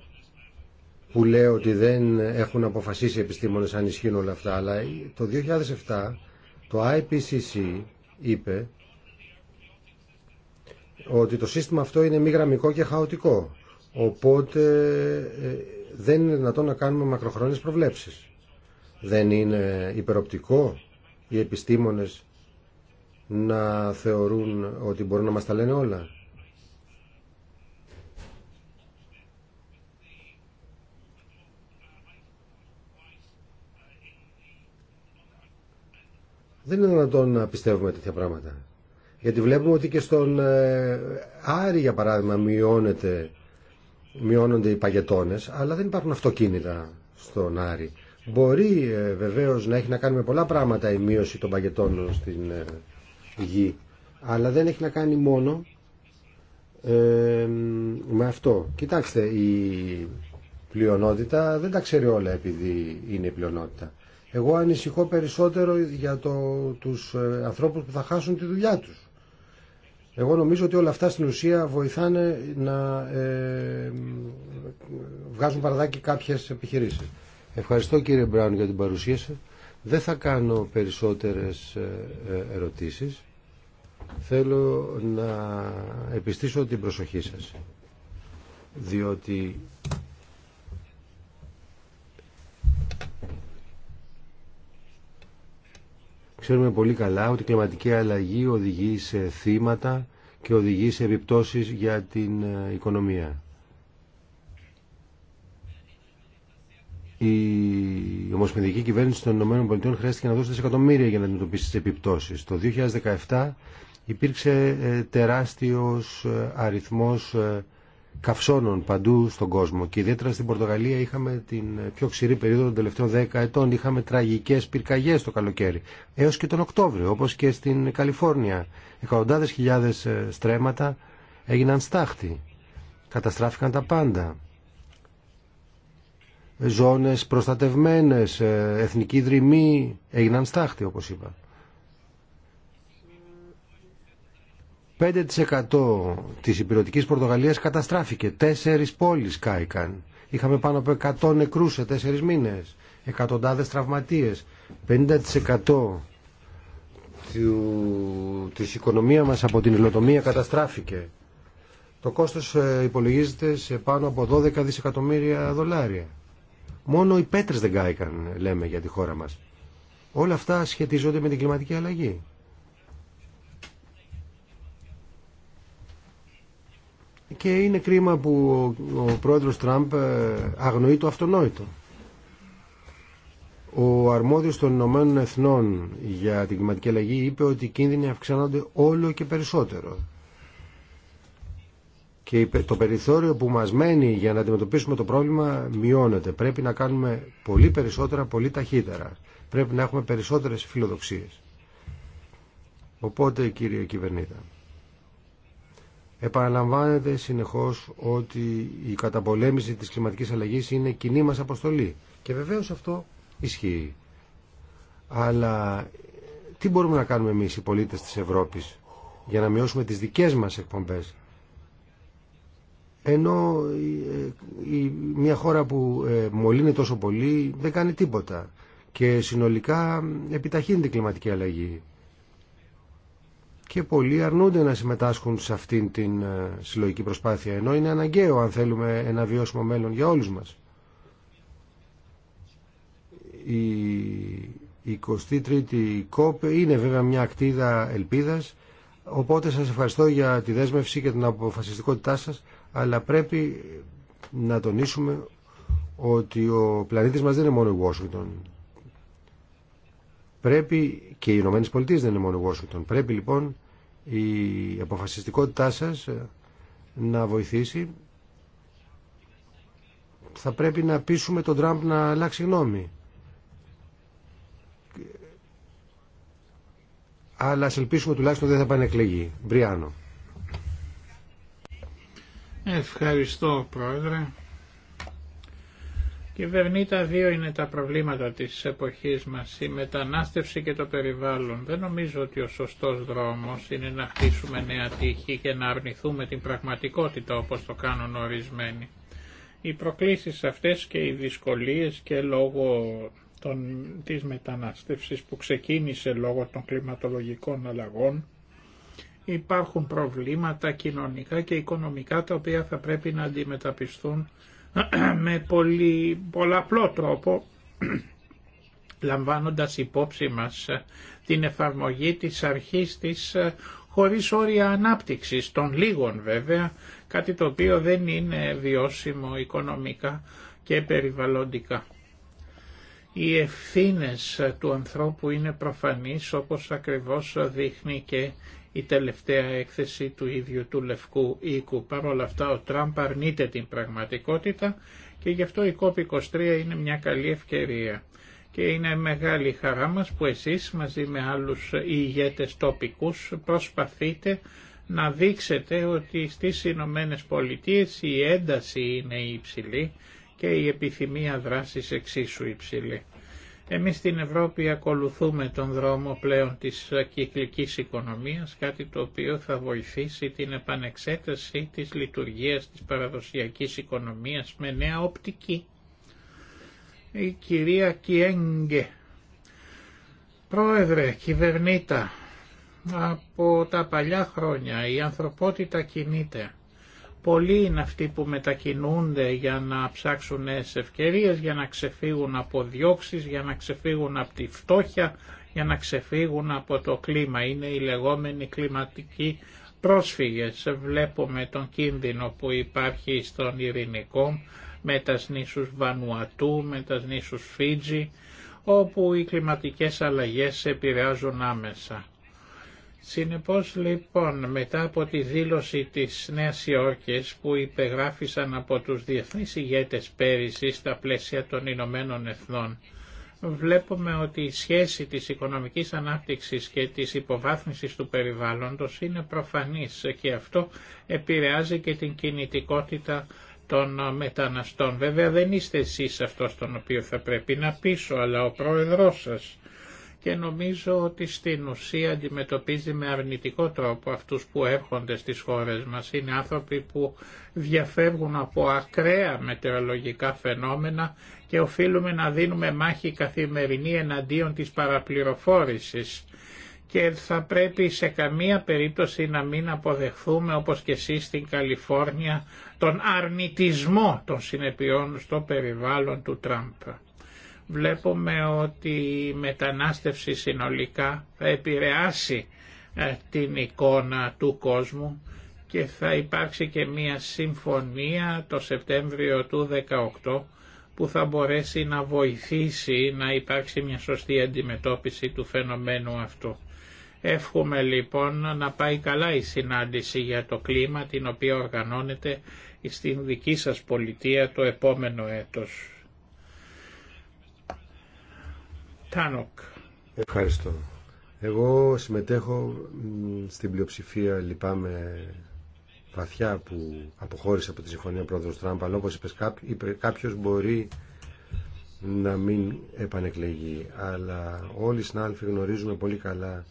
που λέω ότι δεν έχουν αποφασίσει οι επιστήμονες αν ισχύουν όλα αυτά, αλλά το 2007 το IPCC είπε ότι το σύστημα αυτό είναι μη γραμμικό και χαοτικό. Οπότε ε, δεν είναι δυνατόν να κάνουμε μακροχρόνιες προβλέψεις. Δεν είναι υπεροπτικό οι επιστήμονες να θεωρούν ότι μπορούν να μας τα λένε όλα. Δεν είναι δυνατόν να πιστεύουμε τέτοια πράγματα. Γιατί βλέπουμε ότι και στον ε, Άρη, για παράδειγμα, μειώνεται, μειώνονται οι παγετώνες, αλλά δεν υπάρχουν αυτοκίνητα στον Άρη. Μπορεί ε, βεβαίως να έχει να κάνει με πολλά πράγματα η μείωση των παγετών στην ε, γη, αλλά δεν έχει να κάνει μόνο ε, με αυτό. Κοιτάξτε, η πλειονότητα δεν τα ξέρει όλα επειδή είναι η πλειονότητα. Εγώ ανησυχώ περισσότερο για το, τους ε, ανθρώπους που θα χάσουν τη δουλειά τους. Εγώ νομίζω ότι όλα αυτά στην ουσία βοηθάνε να ε, βγάζουν παραδάκι κάποιες επιχειρήσεις. Ευχαριστώ κύριε Μπράουν για την παρουσία σας. Δεν θα κάνω περισσότερες ε, ερωτήσεις. Θέλω να επιστήσω την προσοχή σας. Διότι Ξέρουμε πολύ καλά ότι η κλιματική αλλαγή οδηγεί σε θύματα και οδηγεί σε επιπτώσεις για την ε, οικονομία. Η Ομοσπονδική Κυβέρνηση των ΗΠΑ χρειάστηκε να δώσει δισεκατομμύρια για να αντιμετωπίσει τις επιπτώσεις. Το 2017 υπήρξε ε, τεράστιος ε, αριθμός καυσώνων παντού στον κόσμο και ιδιαίτερα στην Πορτογαλία είχαμε την πιο ξηρή περίοδο των τελευταίων 10 ετών είχαμε τραγικές πυρκαγιές το καλοκαίρι έως και τον Οκτώβριο όπως και στην Καλιφόρνια εκατοντάδες χιλιάδες ε, στρέμματα έγιναν στάχτη καταστράφηκαν τα πάντα ζώνες προστατευμένες ε, εθνική δρυμή έγιναν στάχτη όπως είπα 5% της υπηρετικής Πορτογαλίας καταστράφηκε. Τέσσερις πόλεις κάηκαν. Είχαμε πάνω από 100 νεκρούς σε τέσσερις μήνες. Εκατοντάδες τραυματίες. 50% του, της οικονομίας μας από την υλοτομία καταστράφηκε. Το κόστος ε, υπολογίζεται σε πάνω από 12 δισεκατομμύρια δολάρια. Μόνο οι πέτρες δεν κάηκαν, λέμε, για τη χώρα μας. Όλα αυτά σχετίζονται με την κλιματική αλλαγή. και είναι κρίμα που ο πρόεδρος Τραμπ ε, αγνοεί το αυτονόητο. Ο αρμόδιος των Ηνωμένων Εθνών για την κλιματική αλλαγή είπε ότι οι κίνδυνοι αυξάνονται όλο και περισσότερο. Και το περιθώριο που μας μένει για να αντιμετωπίσουμε το πρόβλημα μειώνεται. Πρέπει να κάνουμε πολύ περισσότερα, πολύ ταχύτερα. Πρέπει να έχουμε περισσότερες φιλοδοξίες. Οπότε κύριε Κυβερνήτα Επαναλαμβάνεται συνεχώς ότι η καταπολέμηση της κλιματικής αλλαγής είναι κοινή μας αποστολή. Και βεβαίως αυτό ισχύει. Αλλά τι μπορούμε να κάνουμε εμείς οι πολίτες της Ευρώπης για να μειώσουμε τις δικές μας εκπομπές. Ενώ ε, μια χώρα που ε, μολύνει τόσο πολύ δεν κάνει τίποτα και συνολικά ε, επιταχύνει την κλιματική αλλαγή και πολλοί αρνούνται να συμμετάσχουν σε αυτήν την ε, συλλογική προσπάθεια, ενώ είναι αναγκαίο αν θέλουμε ένα βιώσιμο μέλλον για όλους μας. Η 23η ΚΟΠ είναι βέβαια μια ακτίδα ελπίδας, οπότε σας ευχαριστώ για τη δέσμευση και την αποφασιστικότητά σας, αλλά πρέπει να τονίσουμε ότι ο πλανήτης μας δεν είναι μόνο η Washington. Πρέπει και οι Ηνωμένε Πολιτείε δεν είναι μόνο η Washington. Πρέπει λοιπόν η αποφασιστικότητά σας ε, να βοηθήσει θα πρέπει να πείσουμε τον Τραμπ να αλλάξει γνώμη αλλά ας ελπίσουμε τουλάχιστον δεν θα πανεκλεγεί Μπριάνο Ευχαριστώ Πρόεδρε Κυβερνήτα, δύο είναι τα προβλήματα της εποχής μας, η μετανάστευση και το περιβάλλον. Δεν νομίζω ότι ο σωστός δρόμος είναι να χτίσουμε νέα τύχη και να αρνηθούμε την πραγματικότητα όπως το κάνουν ορισμένοι. Οι προκλήσεις αυτές και οι δυσκολίες και λόγω των, της μετανάστευσης που ξεκίνησε λόγω των κλιματολογικών αλλαγών υπάρχουν προβλήματα κοινωνικά και οικονομικά τα οποία θα πρέπει να αντιμεταπιστούν με πολύ, πολλαπλό τρόπο λαμβάνοντας υπόψη μας ε, την εφαρμογή της αρχής της ε, χωρίς όρια ανάπτυξης, των λίγων βέβαια, κάτι το οποίο δεν είναι βιώσιμο οικονομικά και περιβαλλοντικά. Οι ευθύνες ε, του ανθρώπου είναι προφανείς όπως ακριβώς δείχνει και η τελευταία έκθεση του ίδιου του Λευκού Οίκου. Παρ' όλα αυτά ο Τραμπ αρνείται την πραγματικότητα και γι' αυτό η COP23 είναι μια καλή ευκαιρία. Και είναι μεγάλη χαρά μας που εσείς μαζί με άλλους ηγέτες τοπικούς προσπαθείτε να δείξετε ότι στις Ηνωμένε Πολιτείε η ένταση είναι υψηλή και η επιθυμία δράσης εξίσου υψηλή. Εμείς στην Ευρώπη ακολουθούμε τον δρόμο πλέον της κυκλικής οικονομίας, κάτι το οποίο θα βοηθήσει την επανεξέταση της λειτουργίας της παραδοσιακής οικονομίας με νέα οπτική. Η κυρία Κιέγγε, πρόεδρε, κυβερνήτα, από τα παλιά χρόνια η ανθρωπότητα κινείται Πολλοί είναι αυτοί που μετακινούνται για να ψάξουν νέες ευκαιρίες, για να ξεφύγουν από διώξεις, για να ξεφύγουν από τη φτώχεια, για να ξεφύγουν από το κλίμα. Είναι οι λεγόμενοι κλιματικοί πρόσφυγες. Βλέπουμε τον κίνδυνο που υπάρχει στον Ειρηνικό με τα νήσους Βανουατού, με τα νήσους Φίτζι, όπου οι κλιματικές αλλαγές επηρεάζουν άμεσα. Συνεπώς λοιπόν μετά από τη δήλωση της Νέας Υόρκης που υπεγράφησαν από τους διεθνείς ηγέτες πέρυσι στα πλαίσια των Ηνωμένων Εθνών βλέπουμε ότι η σχέση της οικονομικής ανάπτυξης και της υποβάθμισης του περιβάλλοντος είναι προφανής και αυτό επηρεάζει και την κινητικότητα των μεταναστών. Βέβαια δεν είστε εσείς αυτός τον οποίο θα πρέπει να πείσω αλλά ο πρόεδρός σας και νομίζω ότι στην ουσία αντιμετωπίζει με αρνητικό τρόπο αυτούς που έρχονται στις χώρες μας. Είναι άνθρωποι που διαφεύγουν από ακραία μετεωρολογικά φαινόμενα και οφείλουμε να δίνουμε μάχη καθημερινή εναντίον της παραπληροφόρησης και θα πρέπει σε καμία περίπτωση να μην αποδεχθούμε όπως και εσεί στην Καλιφόρνια τον αρνητισμό των συνεπειών στο περιβάλλον του Τραμπ βλέπουμε ότι η μετανάστευση συνολικά θα επηρεάσει ε, την εικόνα του κόσμου και θα υπάρξει και μία συμφωνία το Σεπτέμβριο του 2018 που θα μπορέσει να βοηθήσει να υπάρξει μια σωστή αντιμετώπιση του φαινομένου αυτού. Εύχομαι λοιπόν να πάει καλά η συνάντηση για το κλίμα την οποία οργανώνεται στην δική σας πολιτεία το επόμενο έτος. Τάνοκ. Ευχαριστώ. Εγώ συμμετέχω στην πλειοψηφία, λυπάμαι βαθιά που αποχώρησε από τη συμφωνία πρόεδρος Τραμπ, αλλά όπως είπες κάποιος μπορεί να μην επανεκλεγεί. Αλλά όλοι οι συνάδελφοι γνωρίζουμε πολύ καλά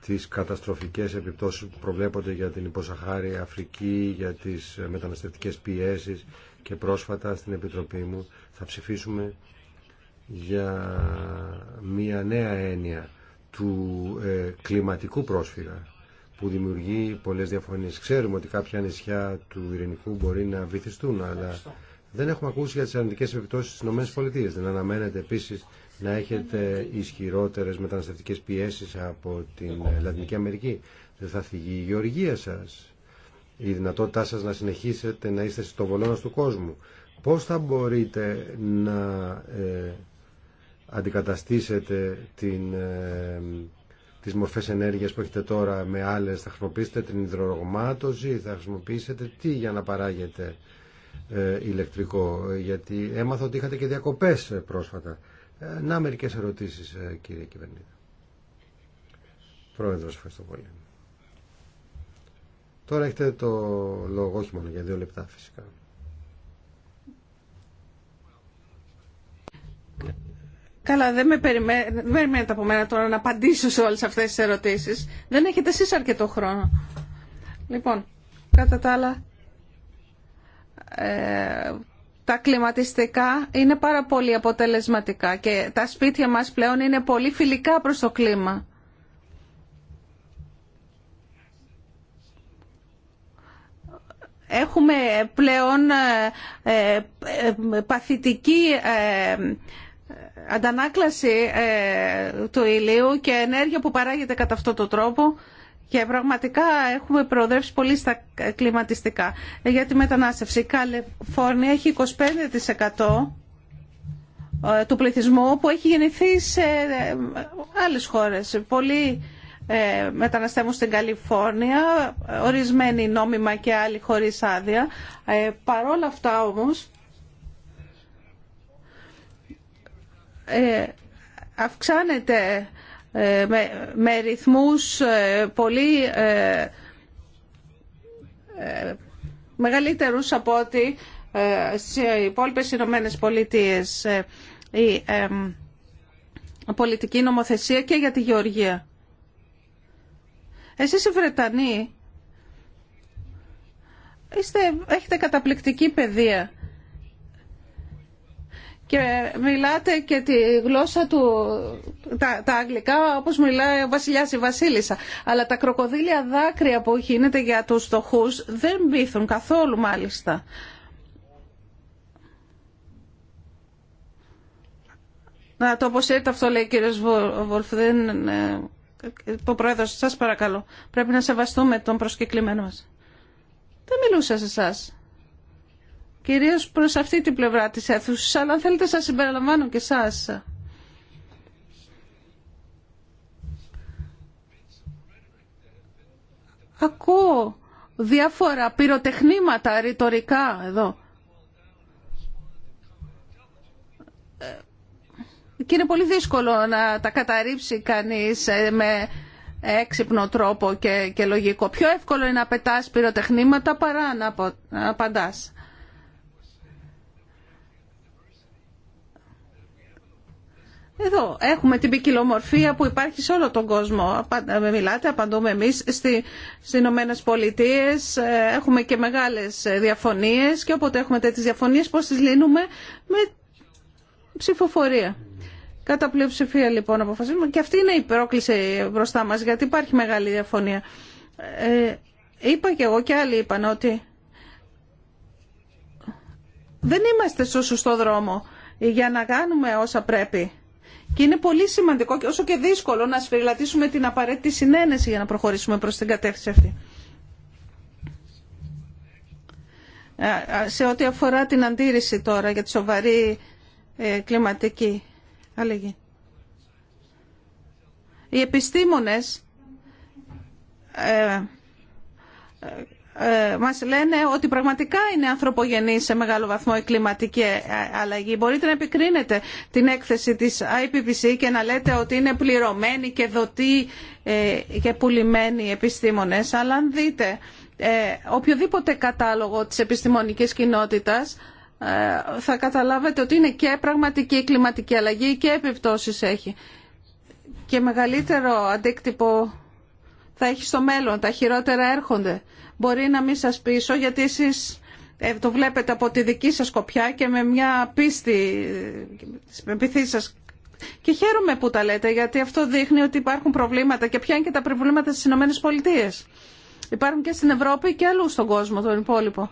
τις καταστροφικές επιπτώσεις που προβλέπονται για την υποσαχάρη Αφρική, για τις μεταναστευτικές πιέσεις και πρόσφατα στην Επιτροπή μου θα ψηφίσουμε για μια νέα έννοια του ε, κλιματικού πρόσφυγα που δημιουργεί πολλές διαφωνίες. Ξέρουμε ότι κάποια νησιά του Ειρηνικού μπορεί να βυθιστούν, αλλά δεν έχουμε ακούσει για τις αρνητικές επιπτώσεις στις ΗΠΑ. Δεν αναμένεται επίσης να έχετε ισχυρότερες μεταναστευτικές πιέσεις από την Λατινική Αμερική. Δεν θα θυγεί η γεωργία σας, η δυνατότητά σας να συνεχίσετε να είστε στο βολόνας του κόσμου. Πώς θα μπορείτε να... Ε, αντικαταστήσετε την, ε, τις μορφές ενέργειας που έχετε τώρα με άλλες, θα χρησιμοποιήσετε την υδρορογμάτωση, θα χρησιμοποιήσετε τι για να παράγετε ε, ηλεκτρικό, γιατί έμαθα ότι είχατε και διακοπές πρόσφατα. Ε, να, μερικές ερωτήσεις ε, κύριε Κυβερνήτη. Πρόεδρος, ευχαριστώ πολύ. Τώρα έχετε το λόγο, όχι μόνο για δύο λεπτά φυσικά. Καλά, δεν με περιμένετε, περιμένετε από μένα τώρα να απαντήσω σε όλες αυτές τις ερωτήσεις. Δεν έχετε εσείς αρκετό χρόνο. Λοιπόν, κατά τα άλλα, ε, τα κλιματιστικά είναι πάρα πολύ αποτελεσματικά και τα σπίτια μας πλέον είναι πολύ φιλικά προς το κλίμα. Έχουμε πλέον ε, ε, ε παθητική ε, αντανάκλαση ε, του ηλίου και ενέργεια που παράγεται κατά αυτόν τον τρόπο και πραγματικά έχουμε προοδεύσει πολύ στα κλιματιστικά. Ε, για τη μετανάστευση, η Καλιφόρνια έχει 25% ε, του πληθυσμού που έχει γεννηθεί σε άλλες χώρες. Πολλοί μεταναστεύουν στην Καλιφόρνια, ορισμένοι νόμιμα και άλλοι χωρίς άδεια. Παρόλα αυτά όμως, Ε, αυξάνεται ε, με ρυθμούς ε, πολύ μεγαλύτερους από ό,τι σε υπόλοιπες Ηνωμένε Πολιτείες η πολιτική νομοθεσία και για τη Γεωργία. Εσείς οι Βρετανοί είστε, έχετε καταπληκτική παιδεία και μιλάτε και τη γλώσσα του, τα, τα αγγλικά όπως μιλάει ο βασιλιάς η βασίλισσα αλλά τα κροκοδίλια δάκρυα που γίνεται για τους στοχούς δεν μπήθουν καθόλου μάλιστα Να το αποσύρετε αυτό λέει ο κύριος Βολφ το ε, πρόεδρος σας παρακαλώ πρέπει να σεβαστούμε τον προσκεκλημένο μας δεν μιλούσα σε εσάς κυρίως προς αυτή την πλευρά της αίθουσας, αλλά αν θέλετε σας συμπεριλαμβάνω και σας Ακούω διάφορα πυροτεχνήματα ρητορικά εδώ. Ε, και είναι πολύ δύσκολο να τα καταρρύψει κανείς ε, με έξυπνο τρόπο και, και λογικό. Πιο εύκολο είναι να πετάς πυροτεχνήματα παρά να απαντάς. Εδώ έχουμε την ποικιλομορφία που υπάρχει σε όλο τον κόσμο. μιλάτε, απαντούμε εμεί στι, Ηνωμένε Πολιτείε. Ε, έχουμε και μεγάλες διαφωνίε και όποτε έχουμε τέτοιε διαφωνίε πώς τι λύνουμε με ψηφοφορία. Κατά πλειοψηφία λοιπόν αποφασίζουμε και αυτή είναι η πρόκληση μπροστά μα γιατί υπάρχει μεγάλη διαφωνία. Ε, είπα και εγώ και άλλοι είπαν ότι δεν είμαστε στο σωστό δρόμο για να κάνουμε όσα πρέπει. Και είναι πολύ σημαντικό και όσο και δύσκολο να σφυριλατήσουμε την απαραίτητη συνένεση για να προχωρήσουμε προς την κατεύθυνση αυτή. Σε ό,τι αφορά την αντίρρηση τώρα για τη σοβαρή ε, κλιματική αλλαγή. Οι επιστήμονες ε, ε, μας λένε ότι πραγματικά είναι ανθρωπογενή σε μεγάλο βαθμό η κλιματική ε, αλλαγή. Μπορείτε να επικρίνετε την έκθεση της IPPC και να λέτε ότι είναι πληρωμένοι και δοτοί ε, και πουλημένοι επιστήμονες, αλλά αν δείτε οποιοδήποτε κατάλογο της επιστημονικής κοινότητας θα καταλάβετε ότι είναι και πραγματική κλιματική αλλαγή και επιπτώσεις έχει. Και μεγαλύτερο αντίκτυπο θα έχει στο μέλλον, τα χειρότερα έρχονται. Μπορεί να μην σας πείσω γιατί εσείς ε, το βλέπετε από τη δική σας κοπιά και με μια πίστη, με πίστη σας. Και χαίρομαι που τα λέτε γιατί αυτό δείχνει ότι υπάρχουν προβλήματα και ποια είναι και τα προβλήματα στις Ηνωμένες Πολιτείες. Υπάρχουν και στην Ευρώπη και αλλού στον κόσμο τον υπόλοιπο.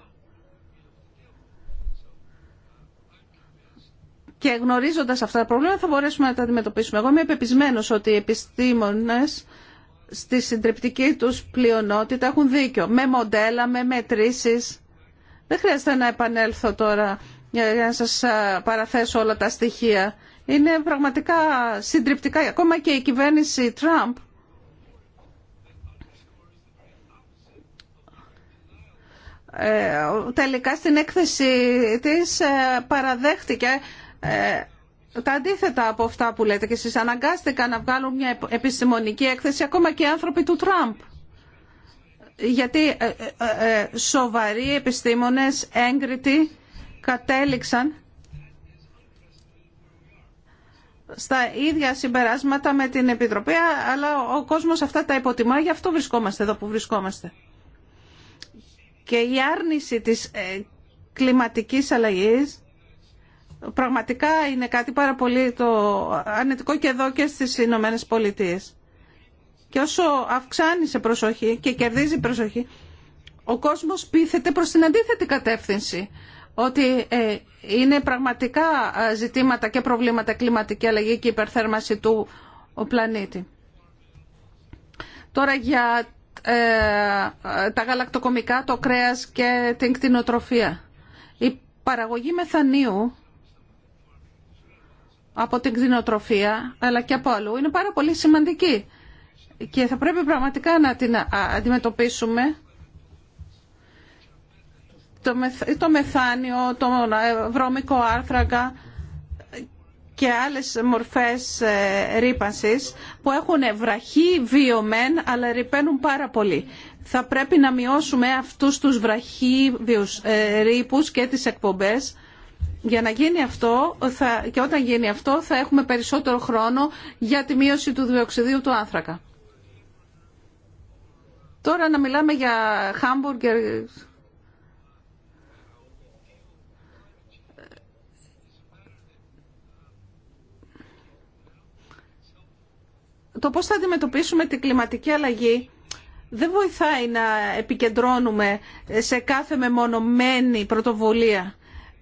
Και γνωρίζοντας αυτά τα προβλήματα θα μπορέσουμε να τα αντιμετωπίσουμε. Εγώ είμαι επεπισμένος ότι οι επιστήμονες στη συντριπτική τους πλειονότητα έχουν δίκιο. Με μοντέλα, με μετρήσεις. Δεν χρειάζεται να επανέλθω τώρα για να σας παραθέσω όλα τα στοιχεία. Είναι πραγματικά συντριπτικά. Ακόμα και η κυβέρνηση Τραμπ ε, τελικά στην έκθεση της ε, παραδέχτηκε ε, τα αντίθετα από αυτά που λέτε και εσείς αναγκάστηκαν να βγάλουν μια επιστημονική έκθεση ακόμα και οι άνθρωποι του Τραμπ. Γιατί ε, ε, ε, ε, σοβαροί επιστήμονες, έγκριτοι, κατέληξαν στα ίδια συμπεράσματα με την Επιτροπή, αλλά ο κόσμος αυτά τα υποτιμά, γι' αυτό βρισκόμαστε εδώ που βρισκόμαστε. Και η άρνηση της ε, κλιματικής αλλαγής Πραγματικά είναι κάτι πάρα πολύ το ανετικό και εδώ και στις Ηνωμένε Πολιτείε. Και όσο αυξάνει σε προσοχή και κερδίζει προσοχή, ο κόσμος πείθεται προς την αντίθετη κατεύθυνση. Ότι ε, είναι πραγματικά ε, ζητήματα και προβλήματα κλιματική αλλαγή και υπερθέρμανση του ο πλανήτη. Τώρα για ε, τα γαλακτοκομικά, το κρέας και την κτηνοτροφία. Η παραγωγή μεθανίου από την κτηνοτροφία αλλά και από αλλού είναι πάρα πολύ σημαντική και θα πρέπει πραγματικά να την αντιμετωπίσουμε το μεθάνιο, το βρώμικο άρθρακα και άλλες μορφές ε, ρήπανσης που έχουν βραχή βιομεν αλλά ρηπαίνουν πάρα πολύ. Θα πρέπει να μειώσουμε αυτούς τους βραχή ε, ρήπους και τις εκπομπές για να γίνει αυτό και όταν γίνει αυτό θα έχουμε περισσότερο χρόνο για τη μείωση του διοξιδίου του άνθρακα. Τώρα να μιλάμε για χάμπουργκερ το πώς θα αντιμετωπίσουμε την κλιματική αλλαγή δεν βοηθάει να επικεντρώνουμε σε κάθε μεμονωμένη πρωτοβουλία.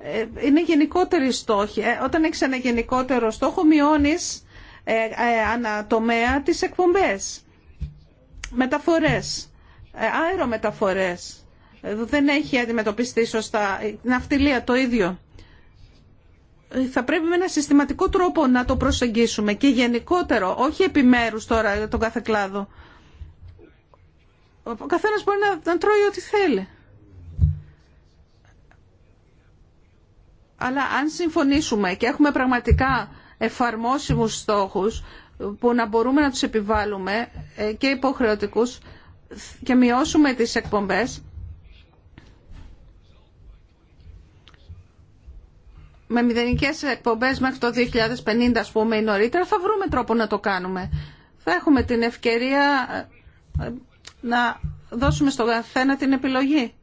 Ε, είναι γενικότερη στόχοι. Ε, όταν έχει ένα γενικότερο στόχο, μειώνει ε, ε, ανατομέα τις εκπομπέ. Μεταφορές, ε, αερομεταφορές. Δεν έχει αντιμετωπιστεί σωστά. Ναυτιλία το ίδιο. Θα πρέπει με ένα συστηματικό τρόπο να το προσεγγίσουμε και γενικότερο, όχι επιμέρους τώρα τον κάθε κλάδο. Ο καθένας μπορεί να, να τρώει ό,τι θέλει. Αλλά αν συμφωνήσουμε και έχουμε πραγματικά εφαρμόσιμους στόχους που να μπορούμε να τους επιβάλλουμε ε, και υποχρεωτικούς και μειώσουμε τις εκπομπές με μηδενικές εκπομπές μέχρι το 2050 ας πούμε ή νωρίτερα θα βρούμε τρόπο να το κάνουμε. Θα έχουμε την ευκαιρία ε, να δώσουμε στον καθένα την επιλογή.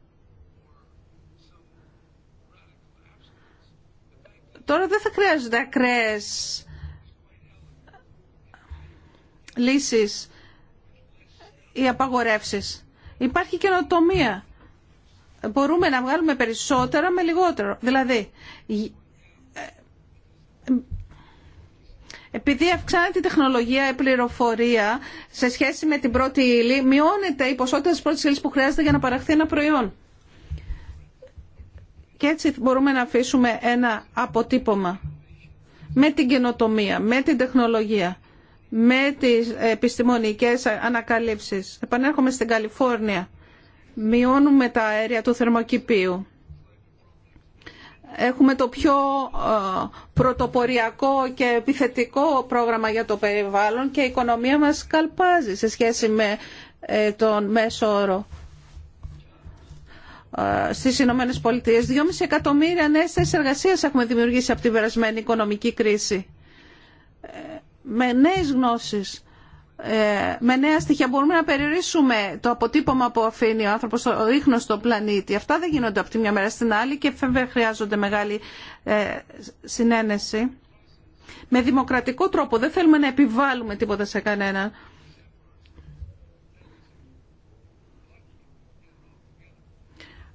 Τώρα δεν θα χρειάζονται ακραίες λύσεις ή απαγορεύσεις. Υπάρχει καινοτομία. Μπορούμε να βγάλουμε περισσότερα με λιγότερο. Δηλαδή, ε, επειδή αυξάνεται η τεχνολογία, η πληροφορία σε σχέση με την πρώτη ύλη, μειώνεται η ποσότητα της πρώτης ύλης που χρειάζεται για να παραχθεί ένα προϊόν. Και έτσι μπορούμε να αφήσουμε ένα αποτύπωμα με την καινοτομία, με την τεχνολογία, με τις επιστημονικές ανακαλύψεις. Επανέρχομαι στην Καλιφόρνια. Μειώνουμε τα αέρια του θερμοκηπίου. Έχουμε το πιο ε, πρωτοποριακό και επιθετικό πρόγραμμα για το περιβάλλον και η οικονομία μας καλπάζει σε σχέση με ε, τον μέσο όρο. Ε, στις Ηνωμένε Πολιτείες. 2,5 εκατομμύρια νέες θέσεις εργασίας έχουμε δημιουργήσει από την περασμένη οικονομική κρίση. Ε, με νέες γνώσεις, ε, με νέα στοιχεία μπορούμε να περιορίσουμε το αποτύπωμα που αφήνει ο άνθρωπος ο ίχνος στο πλανήτη. Αυτά δεν γίνονται από τη μια μέρα στην άλλη και φεύγουν χρειάζονται μεγάλη συνένεση. Με δημοκρατικό τρόπο δεν θέλουμε να επιβάλλουμε τίποτα σε κανέναν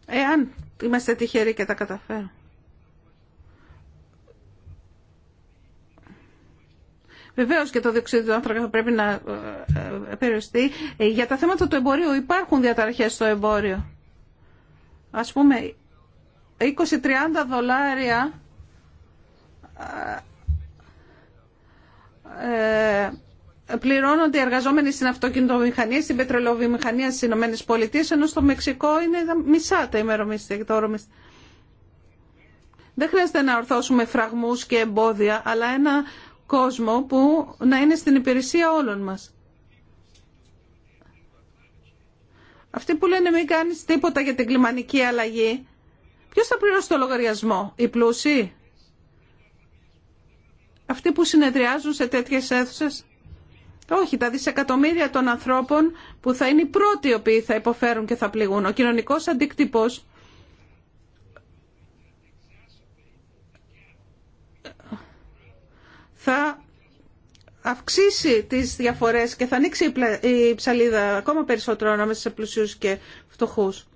Εάν είμαστε τυχεροί και τα καταφέρω. Βεβαίως και το διοξείδιο του άνθρακα θα πρέπει να ε, ε, ε, περιοριστεί. Για τα θέματα του εμπορίου υπάρχουν διαταραχές στο εμπόριο. Ας πούμε 20-30 δολάρια πληρώνονται οι εργαζόμενοι στην αυτοκινητομηχανία, στην πετρελαιοβιομηχανία στι Ηνωμένε Πολιτείε, ενώ στο Μεξικό είναι μισά τα ημερομίσθια. Δεν χρειάζεται να ορθώσουμε φραγμούς και εμπόδια, αλλά ένα κόσμο που να είναι στην υπηρεσία όλων μας. Αυτοί που λένε μην κάνεις τίποτα για την κλιματική αλλαγή, ποιος θα πληρώσει το λογαριασμό, οι πλούσιοι, αυτοί που συνεδριάζουν σε τέτοιες αίθουσες. Όχι, τα δισεκατομμύρια των ανθρώπων που θα είναι οι πρώτοι οι οποίοι θα υποφέρουν και θα πληγούν. Ο κοινωνικός αντίκτυπος θα αυξήσει τις διαφορές και θα ανοίξει η ψαλίδα ακόμα περισσότερο ανάμεσα σε πλουσίους και φτωχούς.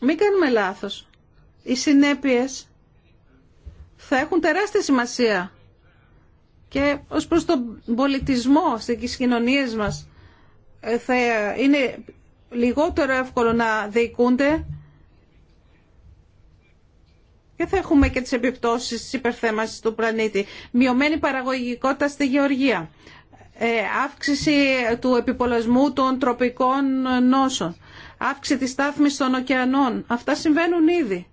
Μην κάνουμε λάθος. Οι συνέπειες θα έχουν τεράστια σημασία και ως προς τον πολιτισμό στις κοινωνίες μας ε, θα είναι λιγότερο εύκολο να διοικούνται και θα έχουμε και τις επιπτώσεις της υπερθέμασης του πλανήτη. Μειωμένη παραγωγικότητα στη γεωργία, ε, αύξηση του επιπολασμού των τροπικών νόσων, αύξηση της στάθμης των ωκεανών. Αυτά συμβαίνουν ήδη.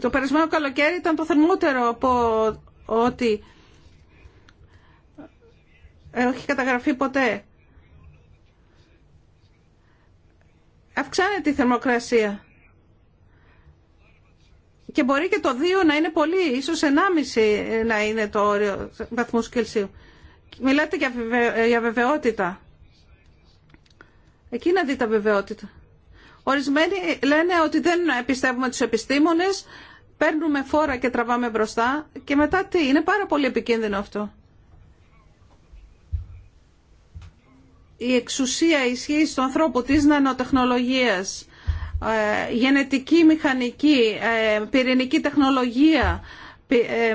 Το περασμένο καλοκαίρι ήταν το θερμότερο από ότι έχει καταγραφεί ποτέ. Αυξάνεται η θερμοκρασία. Και μπορεί και το 2 να είναι πολύ, ίσως 1,5 να είναι το όριο βαθμούς Κελσίου. Μιλάτε για βεβαιότητα. Εκεί να δείτε βεβαιότητα. Ορισμένοι λένε ότι δεν πιστεύουμε τους επιστήμονες, παίρνουμε φόρα και τραβάμε μπροστά και μετά τι. Είναι πάρα πολύ επικίνδυνο αυτό. Η εξουσία ισχύει στον ανθρώπου της νανοτεχνολογίας, ε, γενετική μηχανική, ε, πυρηνική τεχνολογία, ε,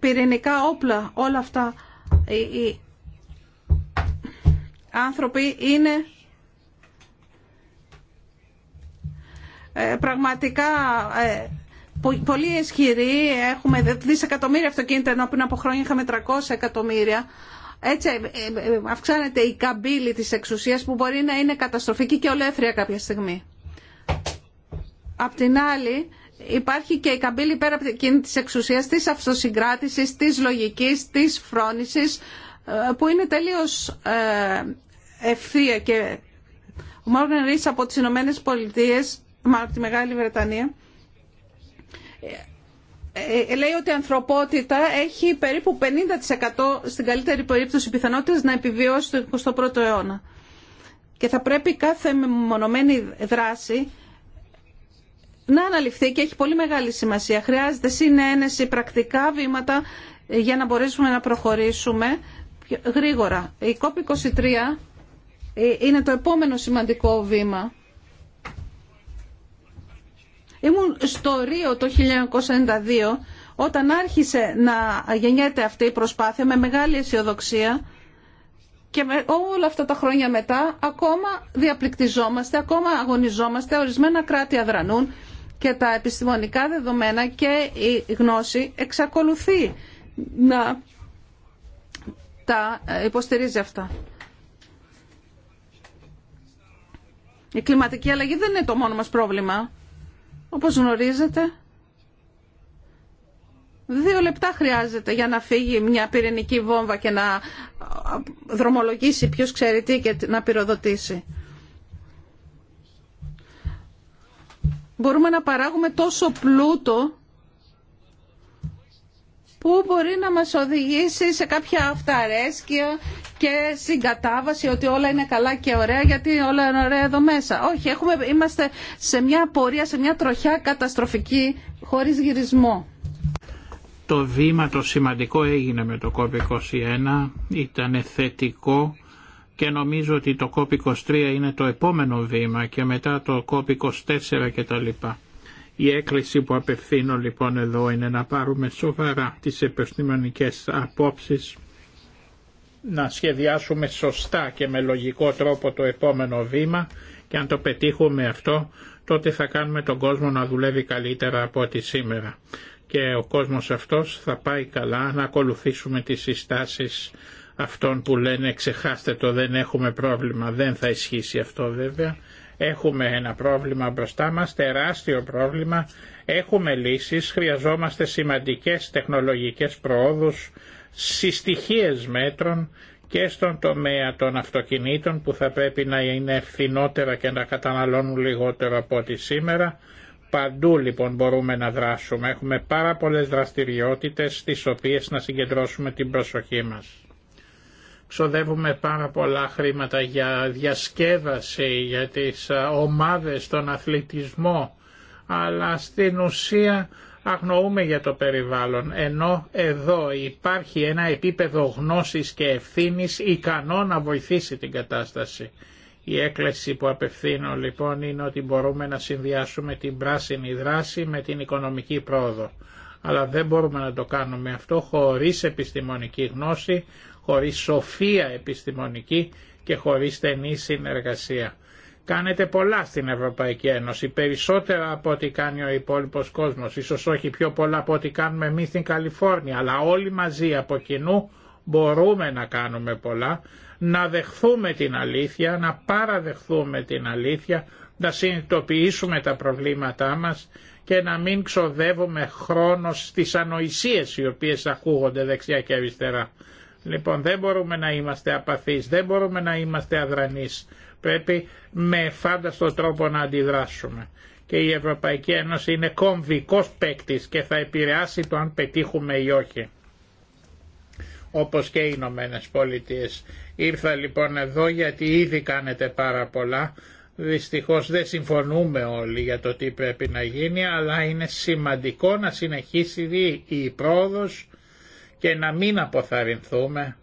πυρηνικά όπλα, όλα αυτά. Οι άνθρωποι είναι πραγματικά πολύ ισχυροί, έχουμε δισεκατομμύρια αυτοκίνητα ενώ πριν από χρόνια είχαμε 300 εκατομμύρια. Έτσι ε, ε, ε, αυξάνεται η καμπύλη της εξουσίας που μπορεί να είναι καταστροφική και ολέθρια κάποια στιγμή. Απ' την άλλη υπάρχει και η καμπύλη πέρα από εκείνη της εξουσίας, της αυτοσυγκράτησης, της λογικής, της φρόνησης που είναι τελείως ευθεία και ο από τις Ηνωμένε Πολιτείες, μάλλον από τη Μεγάλη Βρετανία, ε, ε, λέει ότι η ανθρωπότητα έχει περίπου 50% στην καλύτερη περίπτωση πιθανότητες να επιβιώσει το 21ο αιώνα. Και θα πρέπει κάθε μονομένη δράση να αναλυφθεί και έχει πολύ μεγάλη σημασία. Χρειάζεται συνένεση, πρακτικά βήματα για να μπορέσουμε να προχωρήσουμε γρήγορα. Η COP23 ε, είναι το επόμενο σημαντικό βήμα Ήμουν στο Ρίο το 1992 όταν άρχισε να γεννιέται αυτή η προσπάθεια με μεγάλη αισιοδοξία και με όλα αυτά τα χρόνια μετά ακόμα διαπληκτιζόμαστε, ακόμα αγωνιζόμαστε, ορισμένα κράτη αδρανούν και τα επιστημονικά δεδομένα και η γνώση εξακολουθεί να τα υποστηρίζει αυτά. Η κλιματική αλλαγή δεν είναι το μόνο μας πρόβλημα. Όπως γνωρίζετε, δύο λεπτά χρειάζεται για να φύγει μια πυρηνική βόμβα και να δρομολογήσει ποιος ξέρει τι και να πυροδοτήσει. Μπορούμε να παράγουμε τόσο πλούτο που μπορεί να μας οδηγήσει σε κάποια αυταρέσκεια και συγκατάβαση ότι όλα είναι καλά και ωραία γιατί όλα είναι ωραία εδώ μέσα. Όχι, έχουμε, είμαστε σε μια πορεία, σε μια τροχιά καταστροφική χωρίς γυρισμό. Το βήμα το σημαντικό έγινε με το COP21, ήταν θετικό και νομίζω ότι το COP23 είναι το επόμενο βήμα και μετά το COP24 κτλ. Η έκκληση που απευθύνω λοιπόν εδώ είναι να πάρουμε σοβαρά τις επιστημονικές απόψεις να σχεδιάσουμε σωστά και με λογικό τρόπο το επόμενο βήμα και αν το πετύχουμε αυτό τότε θα κάνουμε τον κόσμο να δουλεύει καλύτερα από ό,τι σήμερα. Και ο κόσμος αυτός θα πάει καλά να ακολουθήσουμε τις συστάσεις αυτών που λένε ξεχάστε το δεν έχουμε πρόβλημα, δεν θα ισχύσει αυτό βέβαια. Έχουμε ένα πρόβλημα μπροστά μας, τεράστιο πρόβλημα, έχουμε λύσεις, χρειαζόμαστε σημαντικές τεχνολογικές προόδους, συστοιχίες μέτρων και στον τομέα των αυτοκινήτων που θα πρέπει να είναι φθηνότερα και να καταναλώνουν λιγότερο από ό,τι σήμερα. Παντού λοιπόν μπορούμε να δράσουμε. Έχουμε πάρα πολλές δραστηριότητες στις οποίες να συγκεντρώσουμε την προσοχή μας. Ξοδεύουμε πάρα πολλά χρήματα για διασκέδαση, για τις ε, ομάδες, τον αθλητισμό, αλλά στην ουσία αγνοούμε για το περιβάλλον, ενώ εδώ υπάρχει ένα επίπεδο γνώσης και ευθύνης ικανό να βοηθήσει την κατάσταση. Η έκκληση που απευθύνω λοιπόν είναι ότι μπορούμε να συνδυάσουμε την πράσινη δράση με την οικονομική πρόοδο. Αλλά δεν μπορούμε να το κάνουμε αυτό χωρίς επιστημονική γνώση, χωρίς σοφία επιστημονική και χωρίς στενή συνεργασία. Κάνετε πολλά στην Ευρωπαϊκή Ένωση, περισσότερα από ό,τι κάνει ο υπόλοιπος κόσμος, ίσως όχι πιο πολλά από ό,τι κάνουμε εμείς στην Καλιφόρνια, αλλά όλοι μαζί από κοινού μπορούμε να κάνουμε πολλά, να δεχθούμε την αλήθεια, να παραδεχθούμε την αλήθεια, να συνειδητοποιήσουμε τα προβλήματά μας και να μην ξοδεύουμε χρόνο στις ανοησίες οι οποίες ακούγονται δεξιά και αριστερά. Λοιπόν δεν μπορούμε να είμαστε απαθείς, δεν μπορούμε να είμαστε αδρανεί πρέπει με φάνταστο τρόπο να αντιδράσουμε. Και η Ευρωπαϊκή Ένωση είναι κομβικός παίκτη και θα επηρεάσει το αν πετύχουμε ή όχι. Όπως και οι Ηνωμένε Πολιτείε. Ήρθα λοιπόν εδώ γιατί ήδη κάνετε πάρα πολλά. Δυστυχώς δεν συμφωνούμε όλοι για το τι πρέπει να γίνει, αλλά είναι σημαντικό να συνεχίσει η πρόοδος και να μην αποθαρρυνθούμε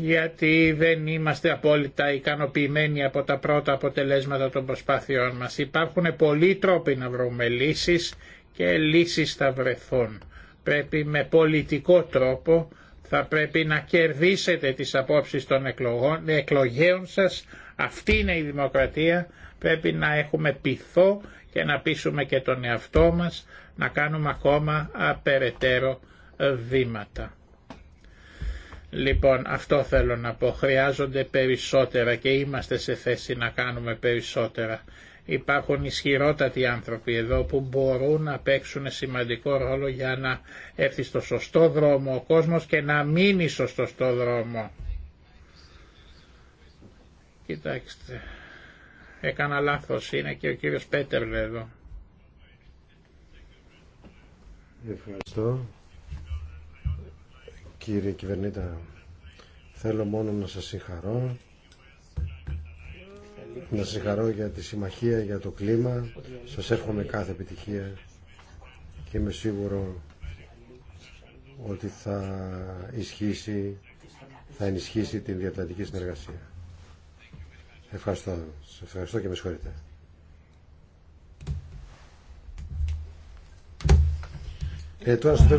γιατί δεν είμαστε απόλυτα ικανοποιημένοι από τα πρώτα αποτελέσματα των προσπάθειών μας. Υπάρχουν πολλοί τρόποι να βρούμε λύσεις και λύσεις θα βρεθούν. Πρέπει με πολιτικό τρόπο θα πρέπει να κερδίσετε τις απόψεις των εκλογών, εκλογέων σας. Αυτή είναι η δημοκρατία. Πρέπει να έχουμε πειθό και να πείσουμε και τον εαυτό μας να κάνουμε ακόμα απεραιτέρω ε, βήματα. Λοιπόν, αυτό θέλω να πω. Χρειάζονται περισσότερα και είμαστε σε θέση να κάνουμε περισσότερα. Υπάρχουν ισχυρότατοι άνθρωποι εδώ που μπορούν να παίξουν σημαντικό ρόλο για να έρθει στο σωστό δρόμο ο κόσμος και να μείνει στο σωστό δρόμο. Κοιτάξτε, έκανα λάθος, είναι και ο κύριος Πέτερλε εδώ. Ευχαριστώ. Κύριε Κυβερνήτα, θέλω μόνο να σας συγχαρώ. Να σας συγχαρώ για τη συμμαχία, για το κλίμα. Σας εύχομαι κάθε επιτυχία και είμαι σίγουρο ότι θα ισχύσει, θα ενισχύσει την διατλαντική συνεργασία. Ευχαριστώ. Σας ευχαριστώ και με συγχωρείτε. Ε,